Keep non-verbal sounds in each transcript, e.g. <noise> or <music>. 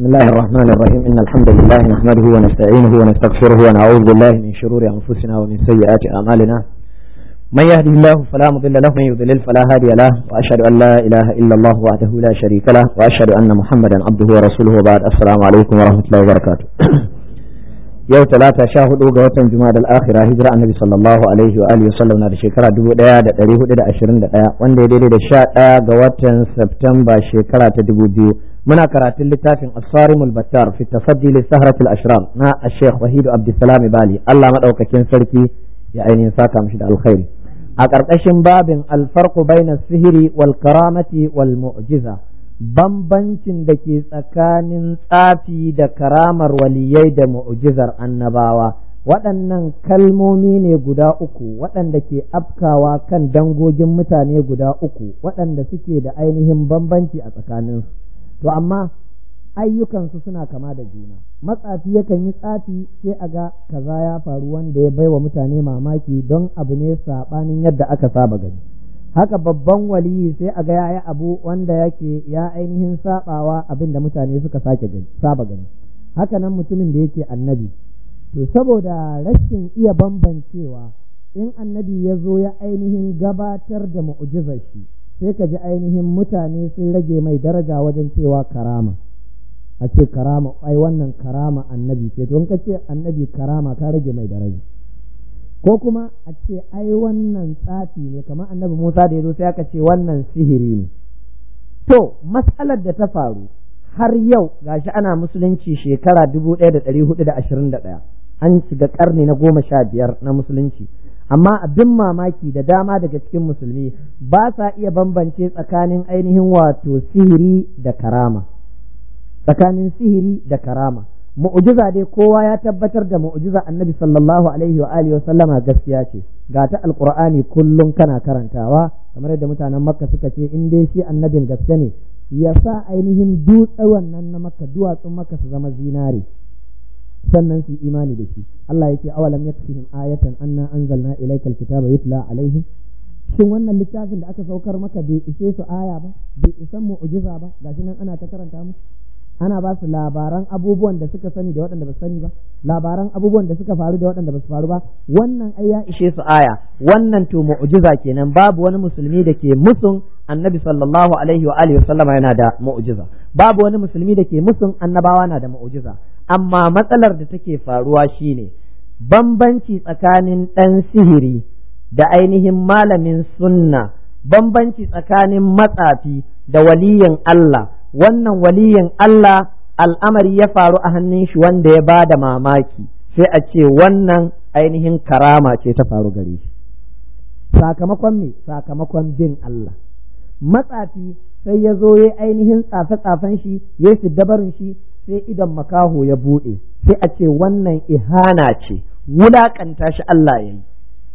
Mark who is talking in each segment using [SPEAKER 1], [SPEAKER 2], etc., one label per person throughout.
[SPEAKER 1] بسم الله الرحمن الرحيم إن الحمد لله نحمده ونستعينه ونستغفره ونعوذ بالله من شرور أنفسنا ومن سيئات أعمالنا من يهده الله فلا مضل له من يضلل فلا هادي له وأشهد أن لا إله إلا الله وحده لا شريك له وأشهد أن محمدا عبده ورسوله وبعد السلام عليكم ورحمة الله وبركاته yau talata sha hudu ga watan juma'a al-akhira hijira annabi sallallahu alaihi wa alihi wasallam na da shekara dubu daya da dari hudu da ashirin da daya wanda ya daidai da sha daya ga watan septemba shekara ta dubu biyu muna karatun littafin asarimul battar fi tafaddi li sahratil ashrar na ash-shaykh wahidu abdussalam bali Allah madaukakin sarki ya ainihin saka da alkhairi a ƙarƙashin babin alfarqu baina sihiri wal karamati wal mu'jiza bambancin da ke tsakanin tsafi da karamar waliyai da mu'jizar annabawa waɗannan kalmomi ne guda uku waɗanda ke afkawa kan dangogin mutane guda uku waɗanda suke da ainihin bambanci a tsakaninsu to amma ayyukansu suna kama da juna matsafi yakan yi tsafi sai a ga kaza ya faru wanda ya baiwa mutane mamaki don abu ne saɓanin yadda aka saba gani haka babban waliyi sai a ga 'ya'ya abu wanda yake ya ainihin saɓawa abin da mutane suka sake saba gani haka nan mutumin da yake annabi to saboda rashin iya bambancewa in annabi ya zo ya ainihin gabatar da mu'ujizar shi sai ka ji ainihin mutane sun rage mai daraja wajen cewa karama a ce karama ai wannan karama annabi ce to ka ce annabi karama ka rage mai daraja ko kuma a ce ai wannan tsafi ne kamar annabi Musa da ya zo sai aka ce wannan sihiri ne to matsalar da ta faru har yau gashi ana musulunci shekara dubu ɗaya da ɗari hudu da ashirin da ɗaya an shiga ƙarni na goma sha biyar na musulunci amma abin mamaki da dama daga cikin musulmi ba sa iya bambance tsakanin ainihin wato sihiri da karama tsakanin sihiri da karama mu'jiza dai kowa ya tabbatar da mu'jiza annabi sallallahu alaihi wa alihi sallama gaskiya ce ga ta alqur'ani kullum kana karantawa kamar yadda mutanen makka suka ce in dai shi annabin gaske ne ya sa ainihin dutse wannan na makka duwatsun makka su zama zinare sannan su imani da shi Allah ya ce awalam yakfihim ayatan anna anzalna ilayka ba yutla alaihim shin wannan littafin da aka saukar maka bai ishe su aya ba bai isan mu'jiza ba gashi nan ana ta karanta musu ana ba su labaran abubuwan da suka sani da waɗanda ba su sani ba labaran abubuwan da suka faru da waɗanda ba su faru ba wannan ai ya ishe su aya wannan to mu'jiza kenan babu wani musulmi da ke musun annabi sallallahu alaihi wa alihi yana da mu'jiza babu wani musulmi da ke musun annabawa na da mu'jiza amma matsalar da take faruwa shine bambanci tsakanin ɗan sihiri da ainihin malamin sunna bambanci tsakanin matsafi da waliyin Allah wannan waliyin Allah al'amari ya faru a hannun shi wanda ya ba da mamaki sai a ce wannan ainihin karama ce ta faru gare shi sakamakon me sakamakon bin Allah matsafi sai ya zo ya ainihin tsafe-tsafen shi ya dabarin shi sai idan makaho ya buɗe sai a ce wannan ihana ce wulaƙanta shi Allah ya yi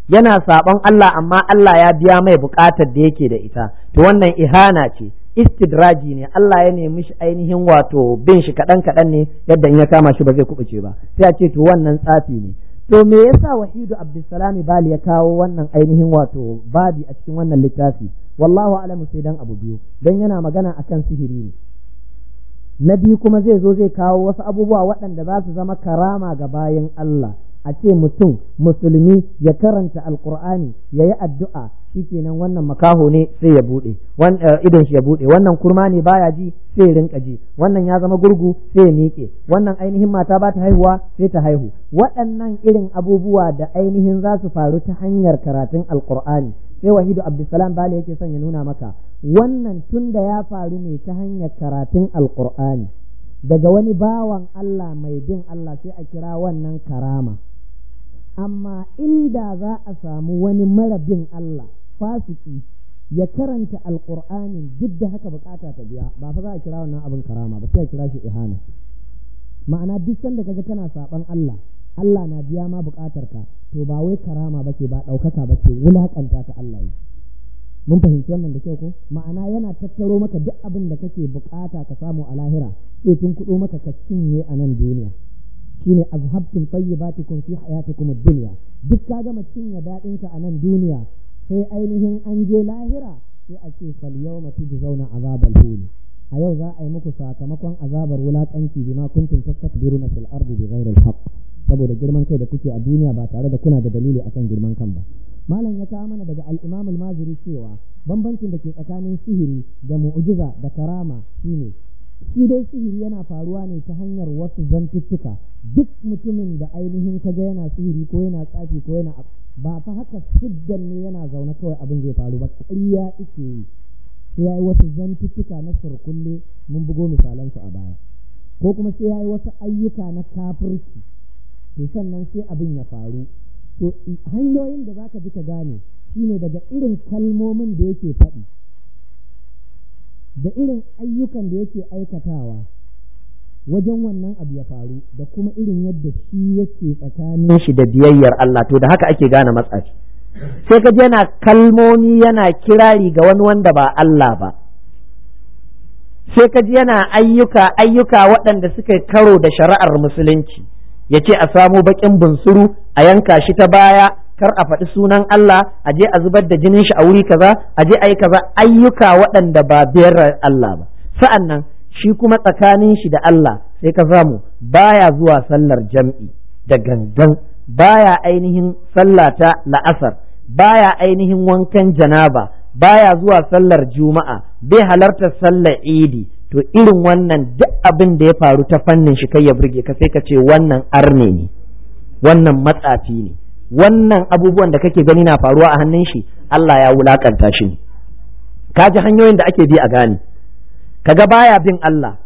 [SPEAKER 1] yana saɓon Allah amma Allah ya biya mai buƙatar da yake da ita to wannan ihana ce istidraji ne Allah ya nemi shi ainihin wato bin shi kaɗan kaɗan ne yadda in ya kama shi ba zai kuɓuce ba sai a ce to wannan tsafi ne to me yasa wahidu Abdulsalami bali ya kawo wannan ainihin wato babi a cikin wannan littafi wallahu alamu sai dan abu biyu dan yana magana akan sihiri ne na biyu kuma zai zo zai kawo wasu abubuwa waɗanda za su zama karama ga bayan Allah a ce mutum musulmi ya karanta alƙur'ani ya yi addu'a kenan wannan makaho ne sai ya buɗe eh, idon shi ya buɗe wannan kurma ne baya ji sai ya rinka ji wannan ya zama gurgu sai ya miƙe wannan ainihin mata ba ta haihuwa sai ta haihu waɗannan irin abubuwa da ainihin za su faru ta hanyar karatun alkur'ani sai wahidu abdulsalam bale yake son ya nuna maka wannan tun da ya faru ne ta hanyar karatun alkur'ani daga wani bawan Allah mai bin Allah sai a kira wannan karama amma inda za a samu wani mara bin Allah fasiki ya karanta alkur'ani duk da haka bukata ta biya ba fa za a kira wannan abin karama ba sai a kira shi ihana ma'ana duk sanda kaga tana saban Allah Allah na biya ma buƙatar ka to ba wai karama bace ba ɗaukaka bace wulaƙanta ta Allah yi mun fahimci wannan da kyau ko ma'ana yana tattaro maka duk abin da kake buƙata ka samu a lahira sai tun kuɗo maka ka cinye a nan duniya shine azhabtum tayyibatikum fi hayatikum ad-dunya duk ka gama cinye daɗinka a nan duniya sai ainihin an je lahira sai a ce fal yawma tujzauna azabal huli a yau za a yi muku sakamakon azabar wulaƙanci bima kuntum tastakbiruna fil ardi bighayri al-haqq saboda girman kai da kuke a duniya ba tare da kuna da dalili akan girman kan ba malam ya kawo mana daga al-Imam al-Maziri cewa bambancin da ke tsakanin sihiri da mu'jiza da karama shine shi dai sihiri yana faruwa ne ta hanyar wasu zantuttuka duk mutumin da ainihin kaga yana sihiri ko yana tsafi ko yana ba fa haka siddan ne yana zaune kawai abin zai faru ba ƙarya ike yi sai ya yi wasu zantuttuka na surkulle mun bugo misalansu a baya ko kuma sai ya yi wasu ayyuka na kafirci to sannan sai abin ya faru to hanyoyin da zaka bi ka gane shine daga irin kalmomin da yake faɗi da irin ayyukan da yake aikatawa wajen wannan abu ya faru da kuma irin yadda shi yake tsakanin shi da biyayyar Allah to da haka ake gane matsaci sai ka yana kalmomi yana kirari ga wani wanda ba Allah ba sai ka ji yana ayyuka ayyuka waɗanda suka karo da shari'ar musulunci ya ce a samu baƙin bunsuru a yanka shi ta baya kar a faɗi sunan Allah a je a zubar da jinin shi a wuri kaza a je a yi kaza ayyuka waɗanda ba biyar Allah ba Sa'annan shi kuma tsakanin shi da Allah sai ka samu baya zuwa sallar jam'i da gangan baya ainihin sallata la'asar baya ainihin wankan janaba baya zuwa sallar juma'a bai halartar sallar idi to irin wannan duk abin da ya faru ta fannin shi kai ya burge ka sai ka ce wannan arne ne wannan matsafi ne wannan abubuwan da kake gani na faruwa a hannun shi Allah ya wulakanta shi ne ka ji hanyoyin da ake bi a gane kaga baya bin Allah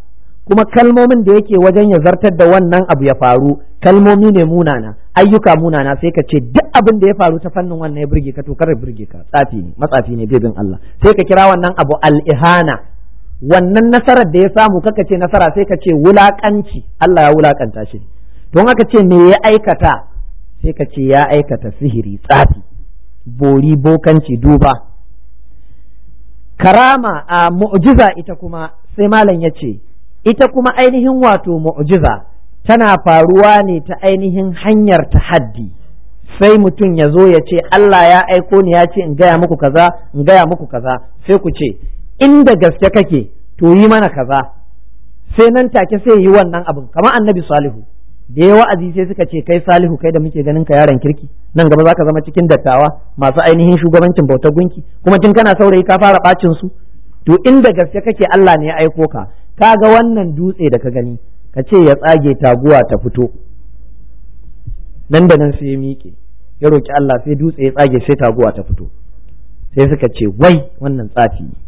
[SPEAKER 1] kuma kalmomin da yake wajen ya zartar da wannan abu ya faru kalmomi ne munana ayyuka munana sai ka ce duk abin da ya faru ta fannin wannan ya burge ka to kar burge ka tsafi ne matsafi ne bin Allah sai ka kira wannan abu al-ihana wannan nasarar da ya samu kaka ce nasara sai ka ce wulakanci Allah ya wulakanta shi don haka ce me ya aikata sai ka ce ya aikata sihiri tsafi bori bokanci duba karama a mu'jiza ita kuma sai malam ya ce ita kuma ainihin wato mu'jiza tana faruwa ne ta ainihin hanyar tahaddi sai mutum ya zo ya ce Allah ya aiko ni ya ce in gaya muku kaza in gaya muku kaza sai ku ce inda gaske kake to yi mana kaza sai nan take sai yi wannan abin kamar annabi salihu da ya wa'azi sai suka ce kai salihu kai da muke ganin ka yaron kirki nan gaba zaka zama cikin dattawa masu ainihin shugabancin bautar gunki kuma tun kana saurayi ka fara bacin su to inda gaske kake Allah ne ya aiko ka kaga wannan dutse da ka gani ka ce ya tsage taguwa ta fito nan da nan sai ya miƙe ya roki Allah sai dutse ya tsage sai taguwa ta fito sai suka ce wai wannan tsafi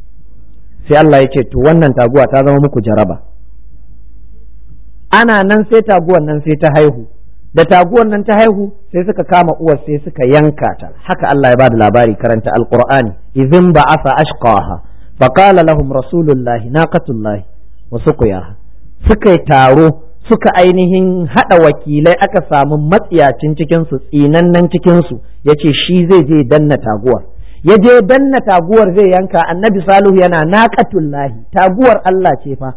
[SPEAKER 1] sai Allah ya ce to wannan taguwa ta zama muku jaraba ana nan sai taguwan nan sai ta haihu da taguwan nan ta haihu sai suka kama uwar sai suka yanka ta haka Allah ya bada labari karanta alqur'ani idhin ba'atha ashqaha faqala lahum rasulullahi naqatullah wa suqiyaha suka yi taro suka ainihin haɗa wakilai aka samu matsiyacin cikinsu tsinannen cikinsu yace yace shi zai je danna taguwar ya je danna taguwar zai yanka annabi salihu yana naqatullahi taguwar Allah ce fa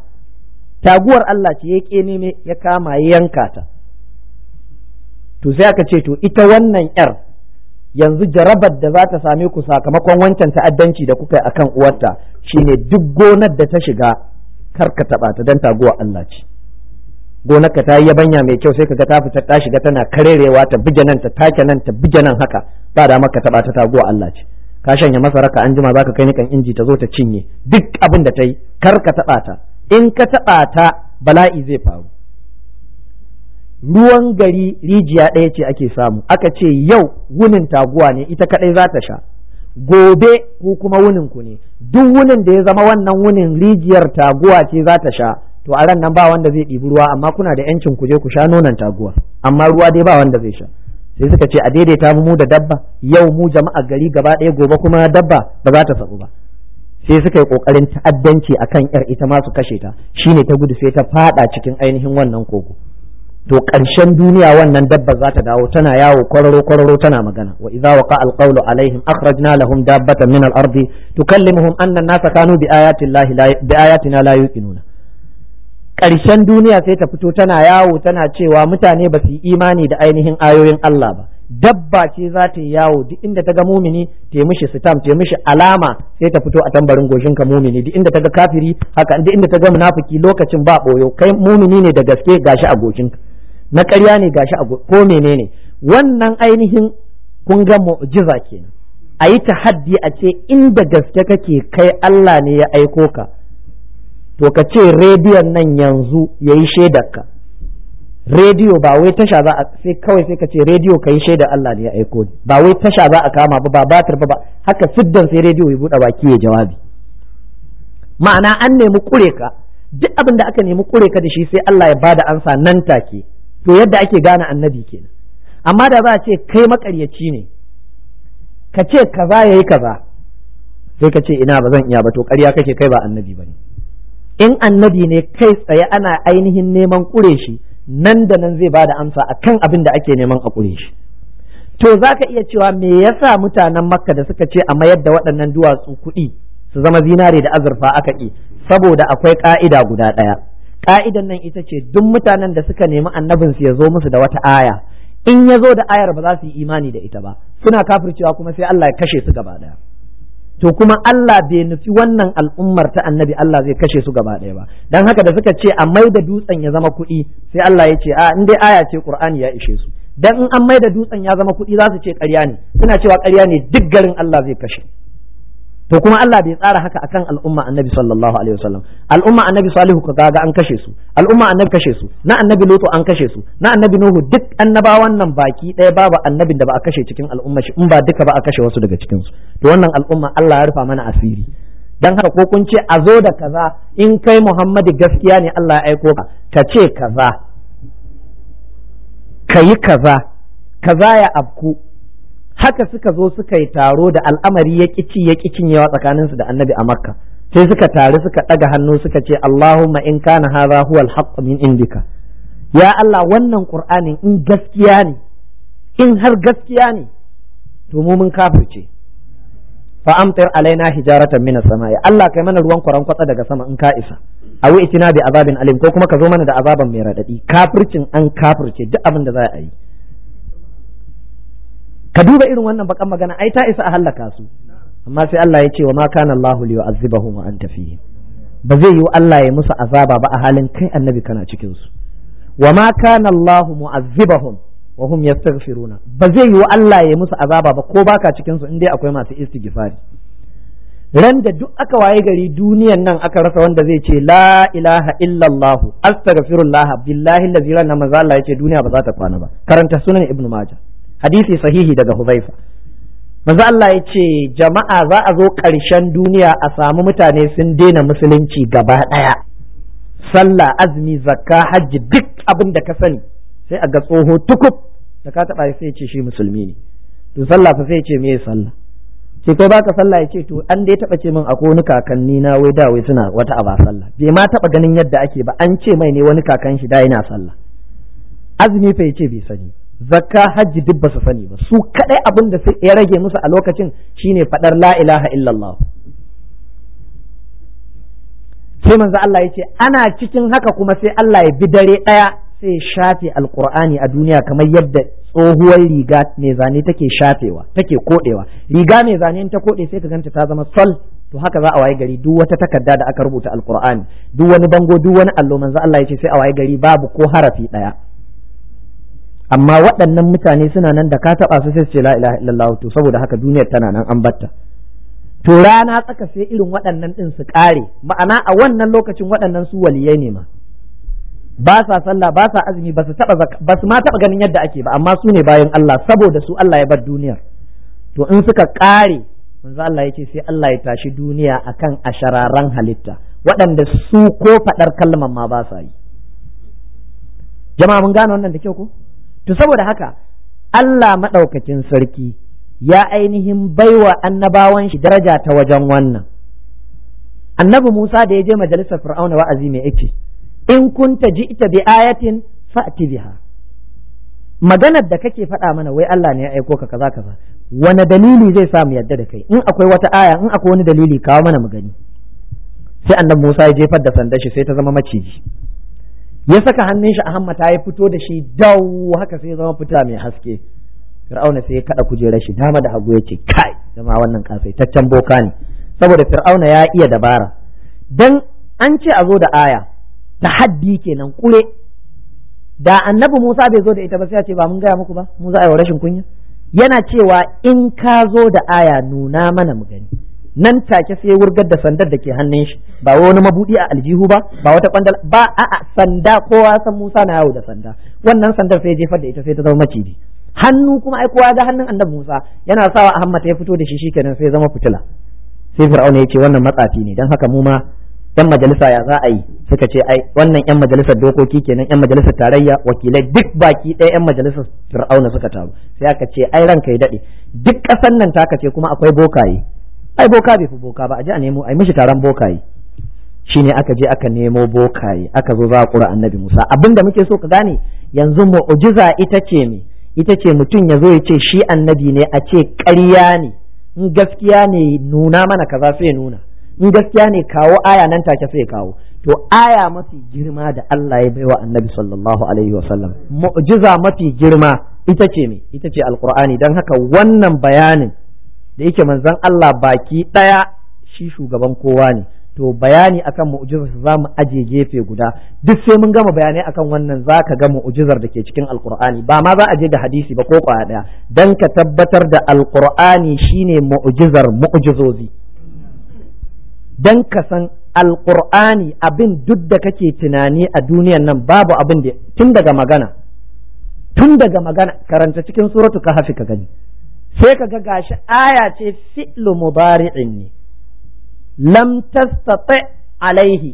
[SPEAKER 1] taguwar Allah ce ya ne ya kama ya yanka ta to sai aka ce to ita wannan yar yanzu jarabar da za ta same ku sakamakon wancan ta'addanci da kuka yi akan uwarta shine duk gonar da ta shiga kar ka taɓa ta dan taguwar Allah ce gonar ka ta yi yabanya mai kyau sai ka ga ta fita ta shiga tana karerewa ta bige nan ta take nan ta bige nan haka ba da maka taɓa ta taguwar Allah ce ka shanya masara ka anjima zaka kai nikan inji ta zo ta cinye duk abin da ta yi kar ka taɓa ta in ka taɓa ta bala'i zai faru ruwan gari rijiya ɗaya ce ake samu aka ce yau wunin taguwa ne ita kaɗai za ta sha gobe ko kuma wunin ku ne duk wunin da ya zama wannan wunin rijiyar taguwa ce za ta sha to a ran nan ba wanda zai ɗibi ruwa amma kuna da yancin ku je ku sha nonon taguwa amma ruwa dai ba wanda zai sha sai suka ce a daidaita mu da dabba yau mu jama'a gari gaba ɗaya gobe kuma dabba ba za ta sabu ba sai suka yi kokarin ta'addanci akan yar ita ma su kashe ta shine ta gudu sai ta fada cikin ainihin wannan kogo to ƙarshen duniya wannan dabba za ta dawo tana yawo kwararo kwararo tana magana wa idza waqa alqawlu alaihim akhrajna lahum dabbatan min al-ardi tukallimuhum anna an-nasa kanu bi ayati llahi bi ayatina la yuqinuna ƙarshen duniya sai ta fito tana yawo tana cewa mutane ba su yi imani da ainihin ayoyin Allah ba dabba ce za ta yi yawo duk inda ta ga mumini ta mishi sitam ta mishi alama sai ta fito a tambarin goshin ka mumini duk inda ta ga kafiri haka duk inda ta ga munafiki lokacin ba boyo kai mumini ne da gaske gashi a goshin na ƙarya ne gashi a ko menene wannan ainihin kun ga mu'jiza kenan a yi tahaddi a ce inda gaske kake kai Allah ne ya aiko ka to ka ce rediyon nan yanzu ya yi shaidarka rediyo ba wai tasha za a sai kawai sai ka ce rediyo ka yi shaidar Allah ne ya aiko ni ba wai tasha za a kama ba ba batar ba haka siddan sai rediyo ya buɗe baki ya jawabi ma'ana an nemi kure ka duk abin da aka nemi kure ka da shi sai Allah ya bada ansa nan take to yadda ake gane annabi kenan amma da za a ce kai makaryaci ne ka ce kaza yayi kaza sai ka ce ina ba zan iya ba to ƙarya kake kai ba annabi bane in annabi ne kai tsaye ana ainihin neman ƙure shi nan da nan zai ba da amsa kan abin da ake neman a ƙure shi to za ka iya cewa me yasa mutanen makka da suka ce a mayar da waɗannan duwatsu kuɗi su zama zinare da azurfa aka ƙi saboda akwai ƙa'ida guda ɗaya ƙa'idan nan ita ce duk mutanen da suka nemi annabinsu ya zo musu da wata aya in ya zo da ayar ba za su yi imani da ita ba suna kafircewa kuma sai Allah ya kashe su gaba ɗaya to kuma Allah bai nufi wannan al'ummar ta annabi Allah zai kashe su gaba ɗaya ba dan haka da suka ce a mai da dutsen ya zama kuɗi sai Allah ya ce a in dai aya ce Qur'ani ya ishe su dan in an mai da dutsen ya zama kuɗi za su ce ƙarya ne suna cewa ƙarya ne duk garin Allah zai kashe to kuma Allah bai tsara haka akan al'umma annabi sallallahu alaihi wasallam al'umma annabi salihu ka ga an kashe su al'umma annabi kashe su na annabi lutu an kashe su na annabi nuhu duk annabawan nan baki ɗaya babu annabin da ba a kashe cikin al'umma shi in ba duka ba a kashe wasu daga cikin su to wannan al'umma Allah ya rufa mana asiri dan haka ko kun ce a zo da kaza in kai Muhammadu gaskiya ne Allah ya aiko ka ka ce kaza kayi kaza kaza ya afku haka suka zo suka yi taro da al'amari ya kici ya kicin yawa tsakaninsu da annabi a makka sai suka taru suka ɗaga hannu suka ce allahumma in kana hadha huwa alhaq min indika ya allah wannan qur'anin in gaskiya ne in har gaskiya ne to mu mun kafirce fa amtir alaina hijaratan minas samai allah kai mana ruwan kwaran kwatsa daga sama in ka isa a itina bi azabin alim ko kuma ka zo mana da azaban mai radadi kafircin an kafirce duk abin da za a yi ka duba irin wannan bakan magana ai ta isa a hallaka su amma sai Allah ya ce wa ma kana Allahu li yu'azzibahum wa anta fihi ba zai yi Allah ya musu azaba ba a halin kai annabi kana cikin su wa ma kana Allahu mu'azzibahum wa hum yastaghfiruna ba zai yi Allah ya musu azaba ba ko baka cikin su in akwai masu istighfari ran da duk aka waye gari duniyan nan aka rasa wanda zai ce la ilaha illa Allah astaghfirullah billahi allazi ran manzo Allah yace duniya ba za ta kwana ba karanta sunan ibnu majah hadisi sahihi daga Huzaifa manzo Allah ya ce jama'a za a zo ƙarshen duniya a samu mutane sun daina musulunci gaba ɗaya sallah azumi zakka hajji duk abin da ka sani sai a ga tsoho tukub da ka taɓa sai ce shi musulmi ne to sallah fa sai ce me sallah ce ko baka sallah ya ce to an ya taɓa ce min akwai wani kakanni na wai da wai suna wata aba sallah bai ma taɓa ganin yadda ake ba an ce mai ne wani kakan shi da yana sallah azumi fa ya ce bai sani zakka hajji duk ba su sani ba su kadai abin da ya rage musu a lokacin shine fadar la ilaha illallah sai manzo Allah yace ana cikin haka kuma sai Allah ya bi dare daya sai ya shafe alqur'ani a duniya kamar yadda tsohuwar riga mai zane take shafewa take kodewa riga mai zane ta kode sai ka ganta ta zama sol to haka za a waye gari duk wata takarda da aka rubuta alqur'ani duk wani bango duk wani allo manzo Allah ya ce sai a waye gari babu ko harafi daya amma waɗannan mutane suna nan da ka taɓa su sai su ce la ilaha illallah to saboda haka duniyar tana nan an batta to rana tsaka sai irin waɗannan ɗin su ƙare ma'ana a wannan lokacin waɗannan su waliyai ne ma ba sa sallah ba sa azumi ba su taɓa ba su ma taɓa ganin yadda ake ba amma su ne bayan Allah saboda su Allah ya bar duniyar to in suka ƙare manzo Allah ya ce sai Allah ya tashi duniya akan ashararan halitta waɗanda su ko faɗar kalmar ma ba sa yi jama'a mun gane wannan da kyau ko to saboda haka Allah maɗaukakin sarki ya ainihin baiwa annabawan shi daraja ta wajen wannan annabi Musa da ya je majalisar Fir'auna wa'azi mai yake in kun ta ji ita bi ayatin fa'ti biha maganar da kake faɗa mana wai Allah ne ya aiko ka kaza kaza wani dalili zai sa mu yadda da kai in akwai wata aya in akwai wani dalili kawo mana mu gani sai annabi Musa ya jefar da sandar shi sai ta zama maciji ya saka hannun shi a hammata ya fito da shi dau haka sai zama fita mai haske fir'auna sai ya kada kujerar shi dama da hagu yace kai dama wannan kasaitaccen boka ne saboda fir'auna ya iya dabara dan an ce a zo da aya haddi kenan kure da annabi Musa bai zo da ita ba sai ya ce ba mun gaya muku ba Musa za a yi rashin kunya yana cewa in ka zo da aya nuna mana mu gani nan take sai wurgar da sandar da ke hannun shi ba wani mabudi a aljihu ba ba wata kwandal ba a sanda kowa san Musa na yawo da sanda wannan sandar sai jefar da ita sai ta zama maciji hannu kuma ai kowa ga hannun annabi Musa yana sawa Ahmad ya fito da shi shikenan sai zama fitila sai Fir'auna ya ce wannan matsafi ne dan haka mu ma yan majalisa ya za a yi suka ce ai wannan yan majalisar dokoki kenan yan majalisar tarayya wakilai duk baki ɗaya yan majalisar fir'auna suka taru sai aka ce ai ranka ya daɗe duk kasan nan taka ce kuma akwai bokaye ai boka bai fi boka ba a ji a nemo ai mishi taron bokaye ne aka je aka nemo bokaye aka zo za a ƙura annabi Musa abinda muke so ka gane yanzu mu'jiza ita ce me ita ce mutum ya zo ya ce shi annabi ne a ce ƙarya ne in gaskiya ne nuna mana kaza sai nuna in gaskiya ne kawo aya nan take sai kawo to aya mafi girma da Allah ya baiwa annabi sallallahu alaihi wa sallam mu'jiza mafi girma ita ce me ita ce alqur'ani dan haka wannan bayanin da yake manzon Allah baki ɗaya shi shugaban kowa ne to bayani akan mu'jizar za mu aje gefe guda duk sai mun gama bayanai akan wannan za ka ga mu'jizar da ke cikin alkur'ani ba ma za a je da hadisi ba ko kwaya ɗaya. dan ka tabbatar da alkur'ani shine mu'jizar mu'jizozi dan ka san alkur'ani abin duk da kake tunani a duniyan nan babu abin da tun daga magana tun daga magana karanta cikin suratu kahfi ka gani sai ka ga gashi aya ce fi'lu mubari'in ne lam tastati alaihi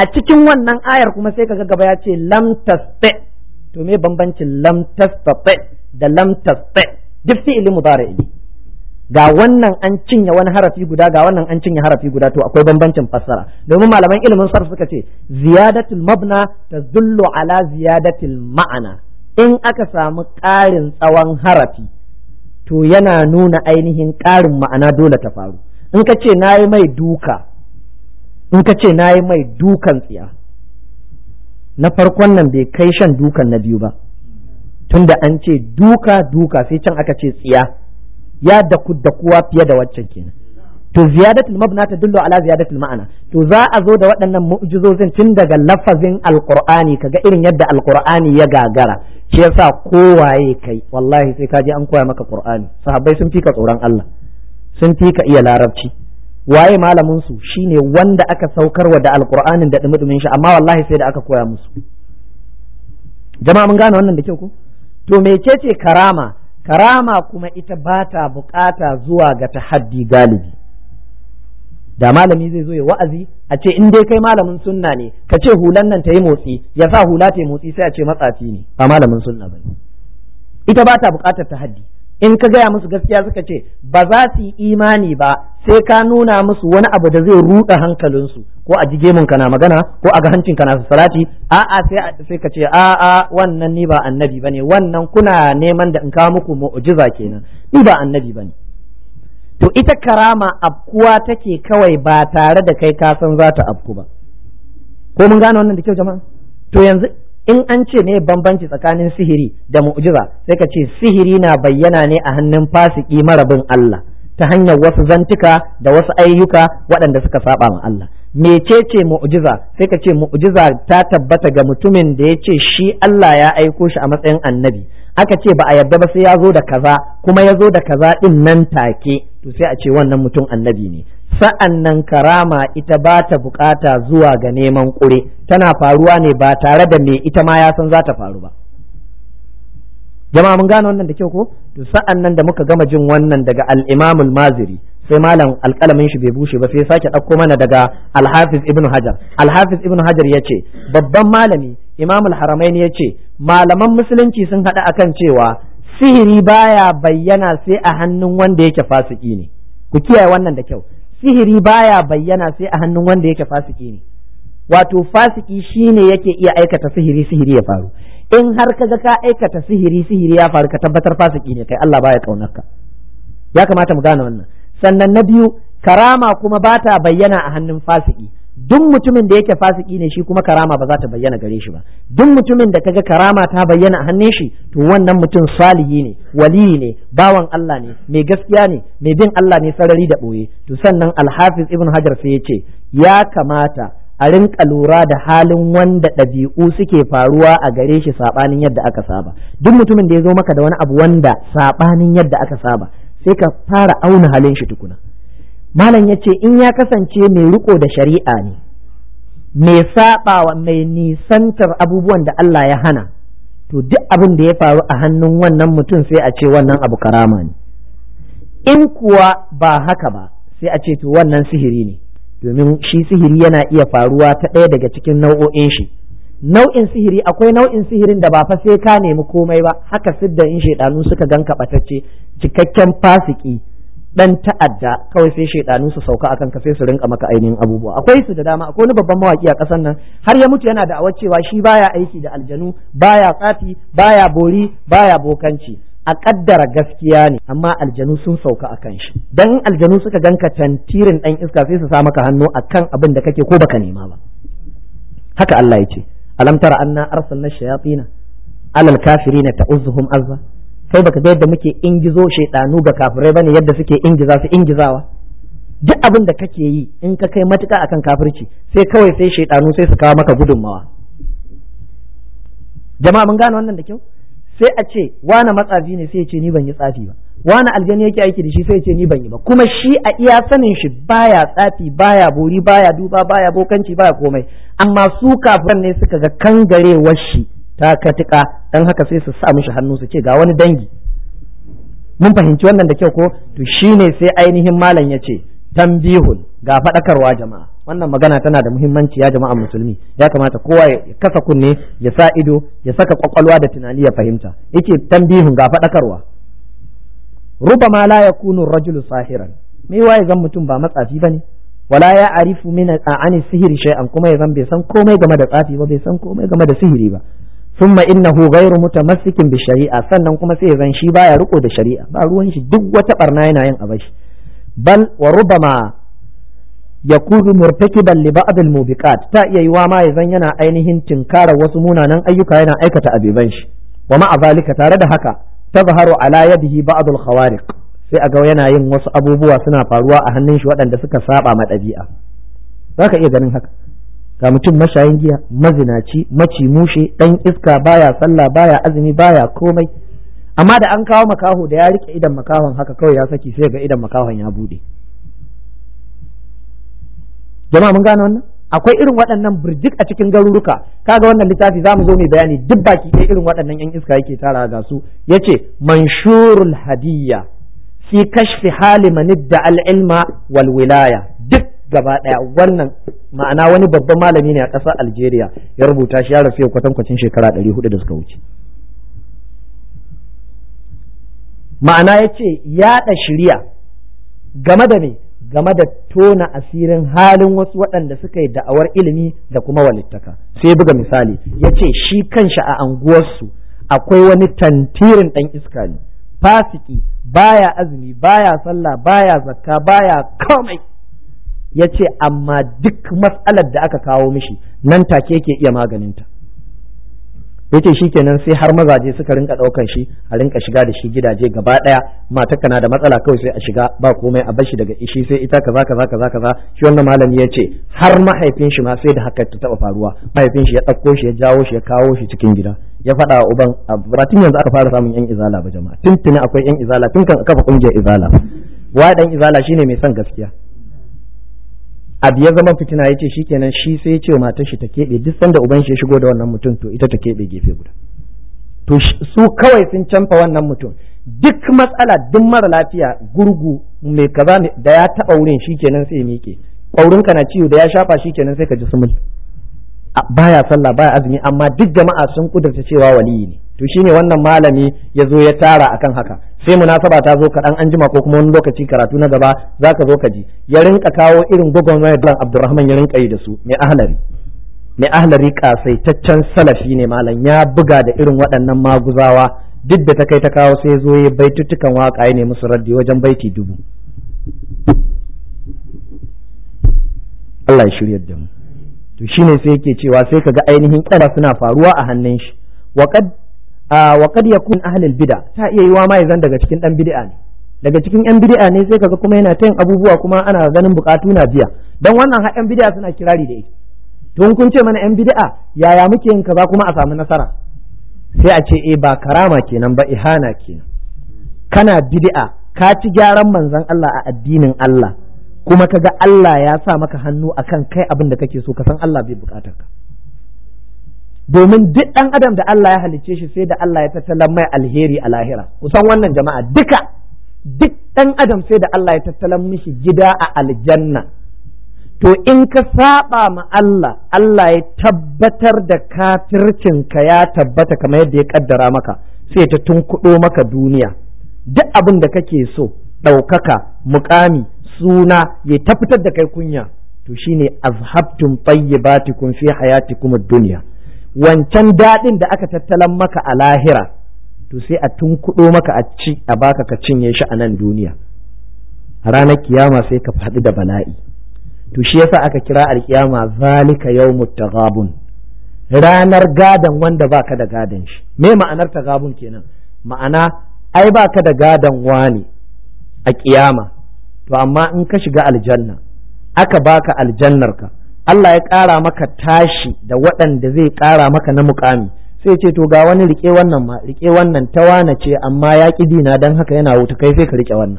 [SPEAKER 1] a cikin wannan ayar kuma sai ka ga gaba ya ce lam tastati to me bambancin lam tastati da lam tastati duk fi'li mubari'i ga wannan an cinye wani harafi guda ga wannan an cinye harafi guda to akwai bambancin fassara domin malaman ilimin sarf suka ce ziyadatul mabna tazullu ala ziyadatil ma'ana in aka samu ƙarin tsawon harafi to yana nuna ainihin ƙarin ma'ana dole ta faru in ka ce na yi mai duka in ka ce na yi mai dukan tsiya na farkon nan bai kai shan dukan na biyu ba tunda an ce duka duka sai can aka ce tsiya ya da kuwa fiye da waccan kenan to ziyadatul mabna ta dullo ala ziyadatul ma'ana to za a zo da waɗannan mu'jizozin tun daga lafazin alqur'ani kaga irin yadda alqur'ani ya gagara shi yasa kowaye kai wallahi sai ka je an koya maka qur'ani sahabbai sun fika tsoron Allah sun fika iya larabci waye malamin su shine wanda aka saukar wa da alqur'anin da dumudumin shi amma wallahi sai da aka koya musu jama'a mun gane wannan da kyau ko to mecece karama karama kuma ita bata ta bukata zuwa ga tahaddi galibi da malami zai zo ya wa'azi a ce in dai kai malamin sunna ne ka ce hulan nan ta yi motsi ya sa hula ta yi motsi sai a ce matsafi ne ba malamin sunna ba ita ba ta buƙatar ta haddi in ka gaya musu gaskiya suka ce ba za su yi imani ba sai ka nuna musu wani abu da zai ruɗa hankalinsu ko a jige mun kana magana ko a ga hancin kana su salati a'a sai sai ka ce a'a wannan ni ba annabi bane wannan kuna neman da in kawo muku mu'jiza kenan ni ba annabi bane to ita karama afkuwa take kawai ba tare da kai ka san za ta afku ba ko mun gane wannan da kyau jama'a to yanzu in an ce ne bambanci tsakanin sihiri da mu'jiza sai ka ce sihiri na bayyana ne a hannun fasiki marabin Allah ta hanyar wasu zantuka da wasu ayyuka waɗanda suka saba ma Allah mecece mu'jiza sai ka ce mu'jiza ta tabbata ga mutumin da ya ce shi Allah ya aiko shi a matsayin annabi aka ce ba a yarda ba sai ya zo da kaza kuma ya zo da kaza din nan take to sai a ce wannan mutum annabi ne sa'an nan karama ita ba ta bukata zuwa ga neman kure tana faruwa ne ba tare da me ita ma ya san za ta faru ba jama'a mun gane wannan da kyau ko to sa'an nan da muka gama jin wannan daga al-imamul maziri sai malam alƙalamin shi bai bushe ba sai sake ɗauko mana daga alhafiz ibnu hajar alhafiz ibnu hajar ya ce babban malami imamul haramai haramain ya ce malaman musulunci sun haɗa akan cewa sihiri baya bayyana sai a hannun wanda yake fasiki ne ku kiyaye wannan da kyau sihiri baya bayyana sai a hannun wanda yake fasiki ne wato fasiki shine yake iya aikata sihiri sihiri ya faru in har ka ga ka aikata sihiri sihiri ya faru ka tabbatar fasiki ne kai Allah baya kaunarka ya kamata mu gane wannan sannan na biyu karama kuma bata bayyana a hannun fasiki duk mutumin da yake fasiki ne shi kuma karama ba za ta bayyana gare shi ba duk mutumin da kaga karama ta bayyana a hannun shi to wannan mutum salihi ne waliyi ne bawan Allah ne mai gaskiya ne mai bin Allah ne sarari da boye to sannan alhafiz ibn hajar sai ya ce ya kamata a rinka lura da halin wanda ɗabi'u suke faruwa a gare shi sabanin yadda aka saba duk mutumin da ya zo maka da wani abu wanda saɓanin yadda aka saba sai ka fara auna halin shi tukuna malam ya ce in ya kasance mai riko da shari'a ne mai saɓawa mai nisantar abubuwan da Allah ya hana to duk abin da ya faru a hannun wannan mutum sai a ce wannan abu karama ne in kuwa ba haka ba sai a ce to wannan sihiri ne domin shi sihiri yana iya faruwa ta ɗaya daga cikin nau'o'in shi nau'in sihiri akwai nau'in sihirin da ba fa sai ka nemi komai ba haka siddan in shaidanu suka gan kaɓatacce cikakken fasiki dan ta'adda kawai sai shaidanu su sauka akan ka sai su rinka maka ainihin abubuwa akwai su da dama akwai wani babban mawaki a kasan nan har ya mutu yana da awar cewa shi baya aiki da aljanu baya tsafi baya bori baya bokanci a kaddara gaskiya ne amma aljanu sun sauka akan shi dan aljanu suka ganka tantirin dan iska sai su sa maka hannu akan abin da kake ko baka nema ba haka Allah ya ce alam tara anna arsalna shayatina alal kafirina ta'uzuhum azza sai baka ga yadda muke ingizo shaidanu ga kafirai bane yadda suke ingiza su ingizawa duk abin da kake yi in ka kai matuka akan kafirci sai kawai sai shaidanu sai su kawo maka gudunmawa jama'a mun gane wannan da kyau sai a ce wani matsafi ne sai ya ce ni ban yi tsafi ba wani aljani yake aiki da shi sai ya ce ni ban yi ba kuma shi a iya sanin shi baya tsafi baya bori baya duba baya bokanci baya komai amma su kafiran ne suka ga kangarewar shi Takatika, dan haka sai su sa mishi hannu su ce ga wani dangi mun fahimci wannan da kyau ko to shine sai ainihin malam ya ce tambihun ga faɗakarwa jama'a wannan magana tana da muhimmanci ya jama'a musulmi ya kamata kowa ya kasa kunne ya sa ido ya saka kwakwalwa da tunani ya fahimta yake tambihun ga faɗakarwa rubama la yakunu rajulu sahiran me waye zan mutum ba matsafi bane wala ya arifu min an sihiri shay'an kuma ya zan bai san komai game da tsafi ba bai san komai game da sihiri ba summa innahu ghairu mutamassikin bi shari'a sannan kuma sai zan shi baya riko da shari'a ba ruwan shi duk wata barna yana yin abashi bal wa rubama yakunu murtakiban li ba'd al mubiqat ta iya yiwa ma zan yana ainihin tinkara wasu munanan ayyuka yana aikata abiban shi wa ma'a zalika tare da haka tazharu ala yadihi ba'd al khawariq sai a ga yana yin wasu abubuwa suna faruwa a hannun shi waɗanda suka saba ma ɗabi'a za ka iya ganin haka ga mutum mashayin giya mazinaci maci mushe dan iska baya sallah baya azumi baya komai amma da an kawo makaho da ya rike idan makahon haka kawai ya saki sai ga idan makahon ya bude jama'a mun gane wannan akwai irin waɗannan burjik a cikin garuruka kaga wannan littafi za mu zo mai bayani duk baki ɗaya irin waɗannan yan iska yake tara ga su yace manshurul hadiyya fi kashfi hali manidda al ilma wal wilaya gaba daya wannan ma'ana wani babban malami ne a ƙasar Algeria ya rubuta shi ya rasu kwatankwacin shekara 400 da suka wuce ma'ana ya ce yaɗa shirya game da ne game da tona asirin halin wasu waɗanda suka yi da'awar ilimi da kuma walittaka sai buga misali ya ce shi kanshi a anguwarsu akwai wani tantirin ɗan iska ne fasiki baya azumi baya sallah baya zakka baya komai ya ce amma duk matsalar da aka kawo mishi nan take yake iya maganinta shi kenan sai har mazaje suka rinka ɗaukan shi a rinka shiga da shi gidaje gaba ɗaya mata kana da matsala kawai sai a shiga ba komai a bashi daga ishi sai ita kaza kaza kaza kaza shi wannan malami ya ce har mahaifin shi ma sai da haka ta taba faruwa mahaifin shi ya ɗauko shi ya jawo shi ya kawo shi cikin gida ya faɗa wa uban a ratin yanzu aka fara samun yan izala ba jama'a tuntuni akwai yan izala tun kan kafa kungiyar izala wa dan izala shine mai son gaskiya abu ya zama fitina ya ce shi kenan shi sai ya ce matar shi ta keɓe duk sanda uban shi ya shigo da wannan mutum to ita ta keɓe gefe guda to su kawai sun canfa wannan mutum duk matsala duk mara lafiya gurgu mai kaza da ya taɓa wurin shi kenan sai ya miƙe ƙaurinka na ciwo da ya shafa shi kenan sai ka ji sumul baya sallah baya azumi amma duk jama'a sun kudurta cewa waliyi ne to shine wannan malami ya zo ya tara akan haka sai munasaba ta zo kaɗan an jima ko kuma wani lokaci karatu na gaba za ka zo ka ji ya rinka kawo irin gwagwarmayar da abdurrahman ya rinka yi da su mai ahlari mai ahlari kasaitaccen salafi ne malam ya buga da irin waɗannan maguzawa duk da ta kai ta kawo sai zo ya baitutukan waka ya nemi su raddi wajen baiti dubu Allah ya shirya da mu to shine sai yake cewa sai kaga ainihin kada suna faruwa a hannun shi wa Ah, wa qad yakun halin bid'a ta iya yiwa ma zan daga cikin dan bid'a ne daga cikin yan bid'a ne sai kaga kuma yana ta yin abubuwa kuma ana ganin bukatu na biya dan wannan har yan bid'a suna kirari da ita to kun ce mana yan bid'a yaya muke yin kaza kuma a samu nasara sai a ce eh ba karama kenan ba ihana kenan kana bid'a ka ci gyaran manzon Allah a addinin Allah kuma kaga Allah ya sa maka hannu akan kai abin da kake so ka san Allah bai bukatar ka domin duk ɗan adam da Allah ya halicce shi sai da Allah ya tattalan mai alheri a lahira kusan wannan jama'a duka duk ɗan adam sai da Allah ya tattalan mishi gida a aljanna to in ka saba ma Allah Allah ya tabbatar da kafircin ka ya tabbata kamar yadda ya kaddara maka sai ta tun kuɗo maka duniya duk abin da kake so ɗaukaka mukami suna ya ta da kai kunya to shine azhabtum tayyibatikum fi hayatikum ad-dunya wancan daɗin da aka tattalan maka a lahira to sai a tunkuɗo maka a ci a baka ka cinye shi a nan duniya ranar kiyama sai ka faɗi da bala'i to shi yasa aka kira alkiyama zalika yawmut taghabun ranar gadan wanda baka da gadan shi me ma'anar tagabun kenan ma'ana ai baka da gadan wani a kiyama to amma in ka shiga aljanna aka baka aljannar ka Allah ya ƙara maka tashi da waɗanda zai ƙara maka na mukami sai ce to ga wani rike wannan ma rike wannan ta wane ce amma ya ƙi dina don haka yana wuta kai sai ka rike wannan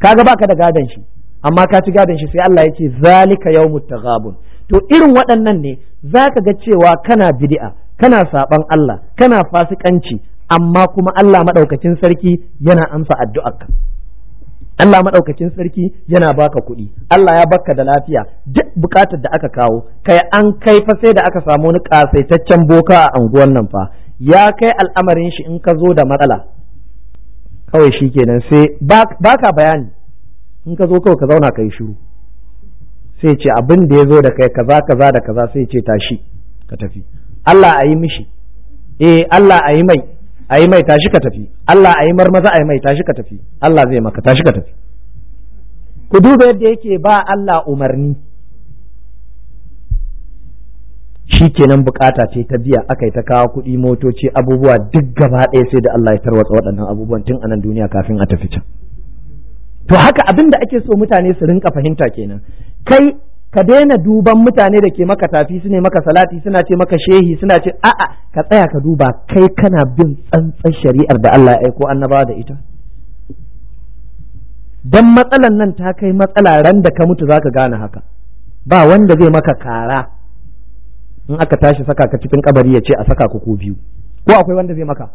[SPEAKER 1] kaga baka da gadon shi amma ka ci gadon shi sai Allah ya ce zalika yawmu taghabun to irin waɗannan ne zaka ga cewa kana bid'a kana saban Allah kana fasikanci amma kuma Allah madaukakin sarki yana amsa addu'arka Allah maɗaukacin sarki yana baka kuɗi Allah ya baka da lafiya duk bukatar da aka kawo kai an kai fa sai da aka samu wani ƙasaitaccen boka a anguwan nan fa ya kai al'amarin shi in ka zo da matsala kawai shi kenan sai baka bayani in ka zo kawai ka zauna ka yi shiru sai ce abin da ya zo da kai kaza kaza da kaza sai ce tashi ka tafi Allah a yi mishi eh Allah a yi mai a yi mai tashi ka tafi Allah a yi marmaza a yi mai tashi ka tafi Allah zai maka tashi ka tafi ku duba yadda yake ba Allah umarni shi kenan bukata ce ta biya aka yi ta kawo kuɗi motoci abubuwa duk gaba ɗaya sai da Allah ya tarwatsa waɗannan abubuwan tun anan duniya kafin a tafi can to haka abin da ake so mutane su rinka fahimta kenan kai ka daina duban mutane da ke maka tafi su ne maka salati suna ce maka shehi suna ce a'a ka tsaya ka duba kai kana bin tsantsan shari'ar da Allah ya aiko annabawa da ita dan matsalan nan ta kai matsala ran da ka mutu zaka gane haka ba wanda zai maka kara in aka tashi saka ka cikin kabari ya ce a saka ku ko biyu ko akwai wanda zai maka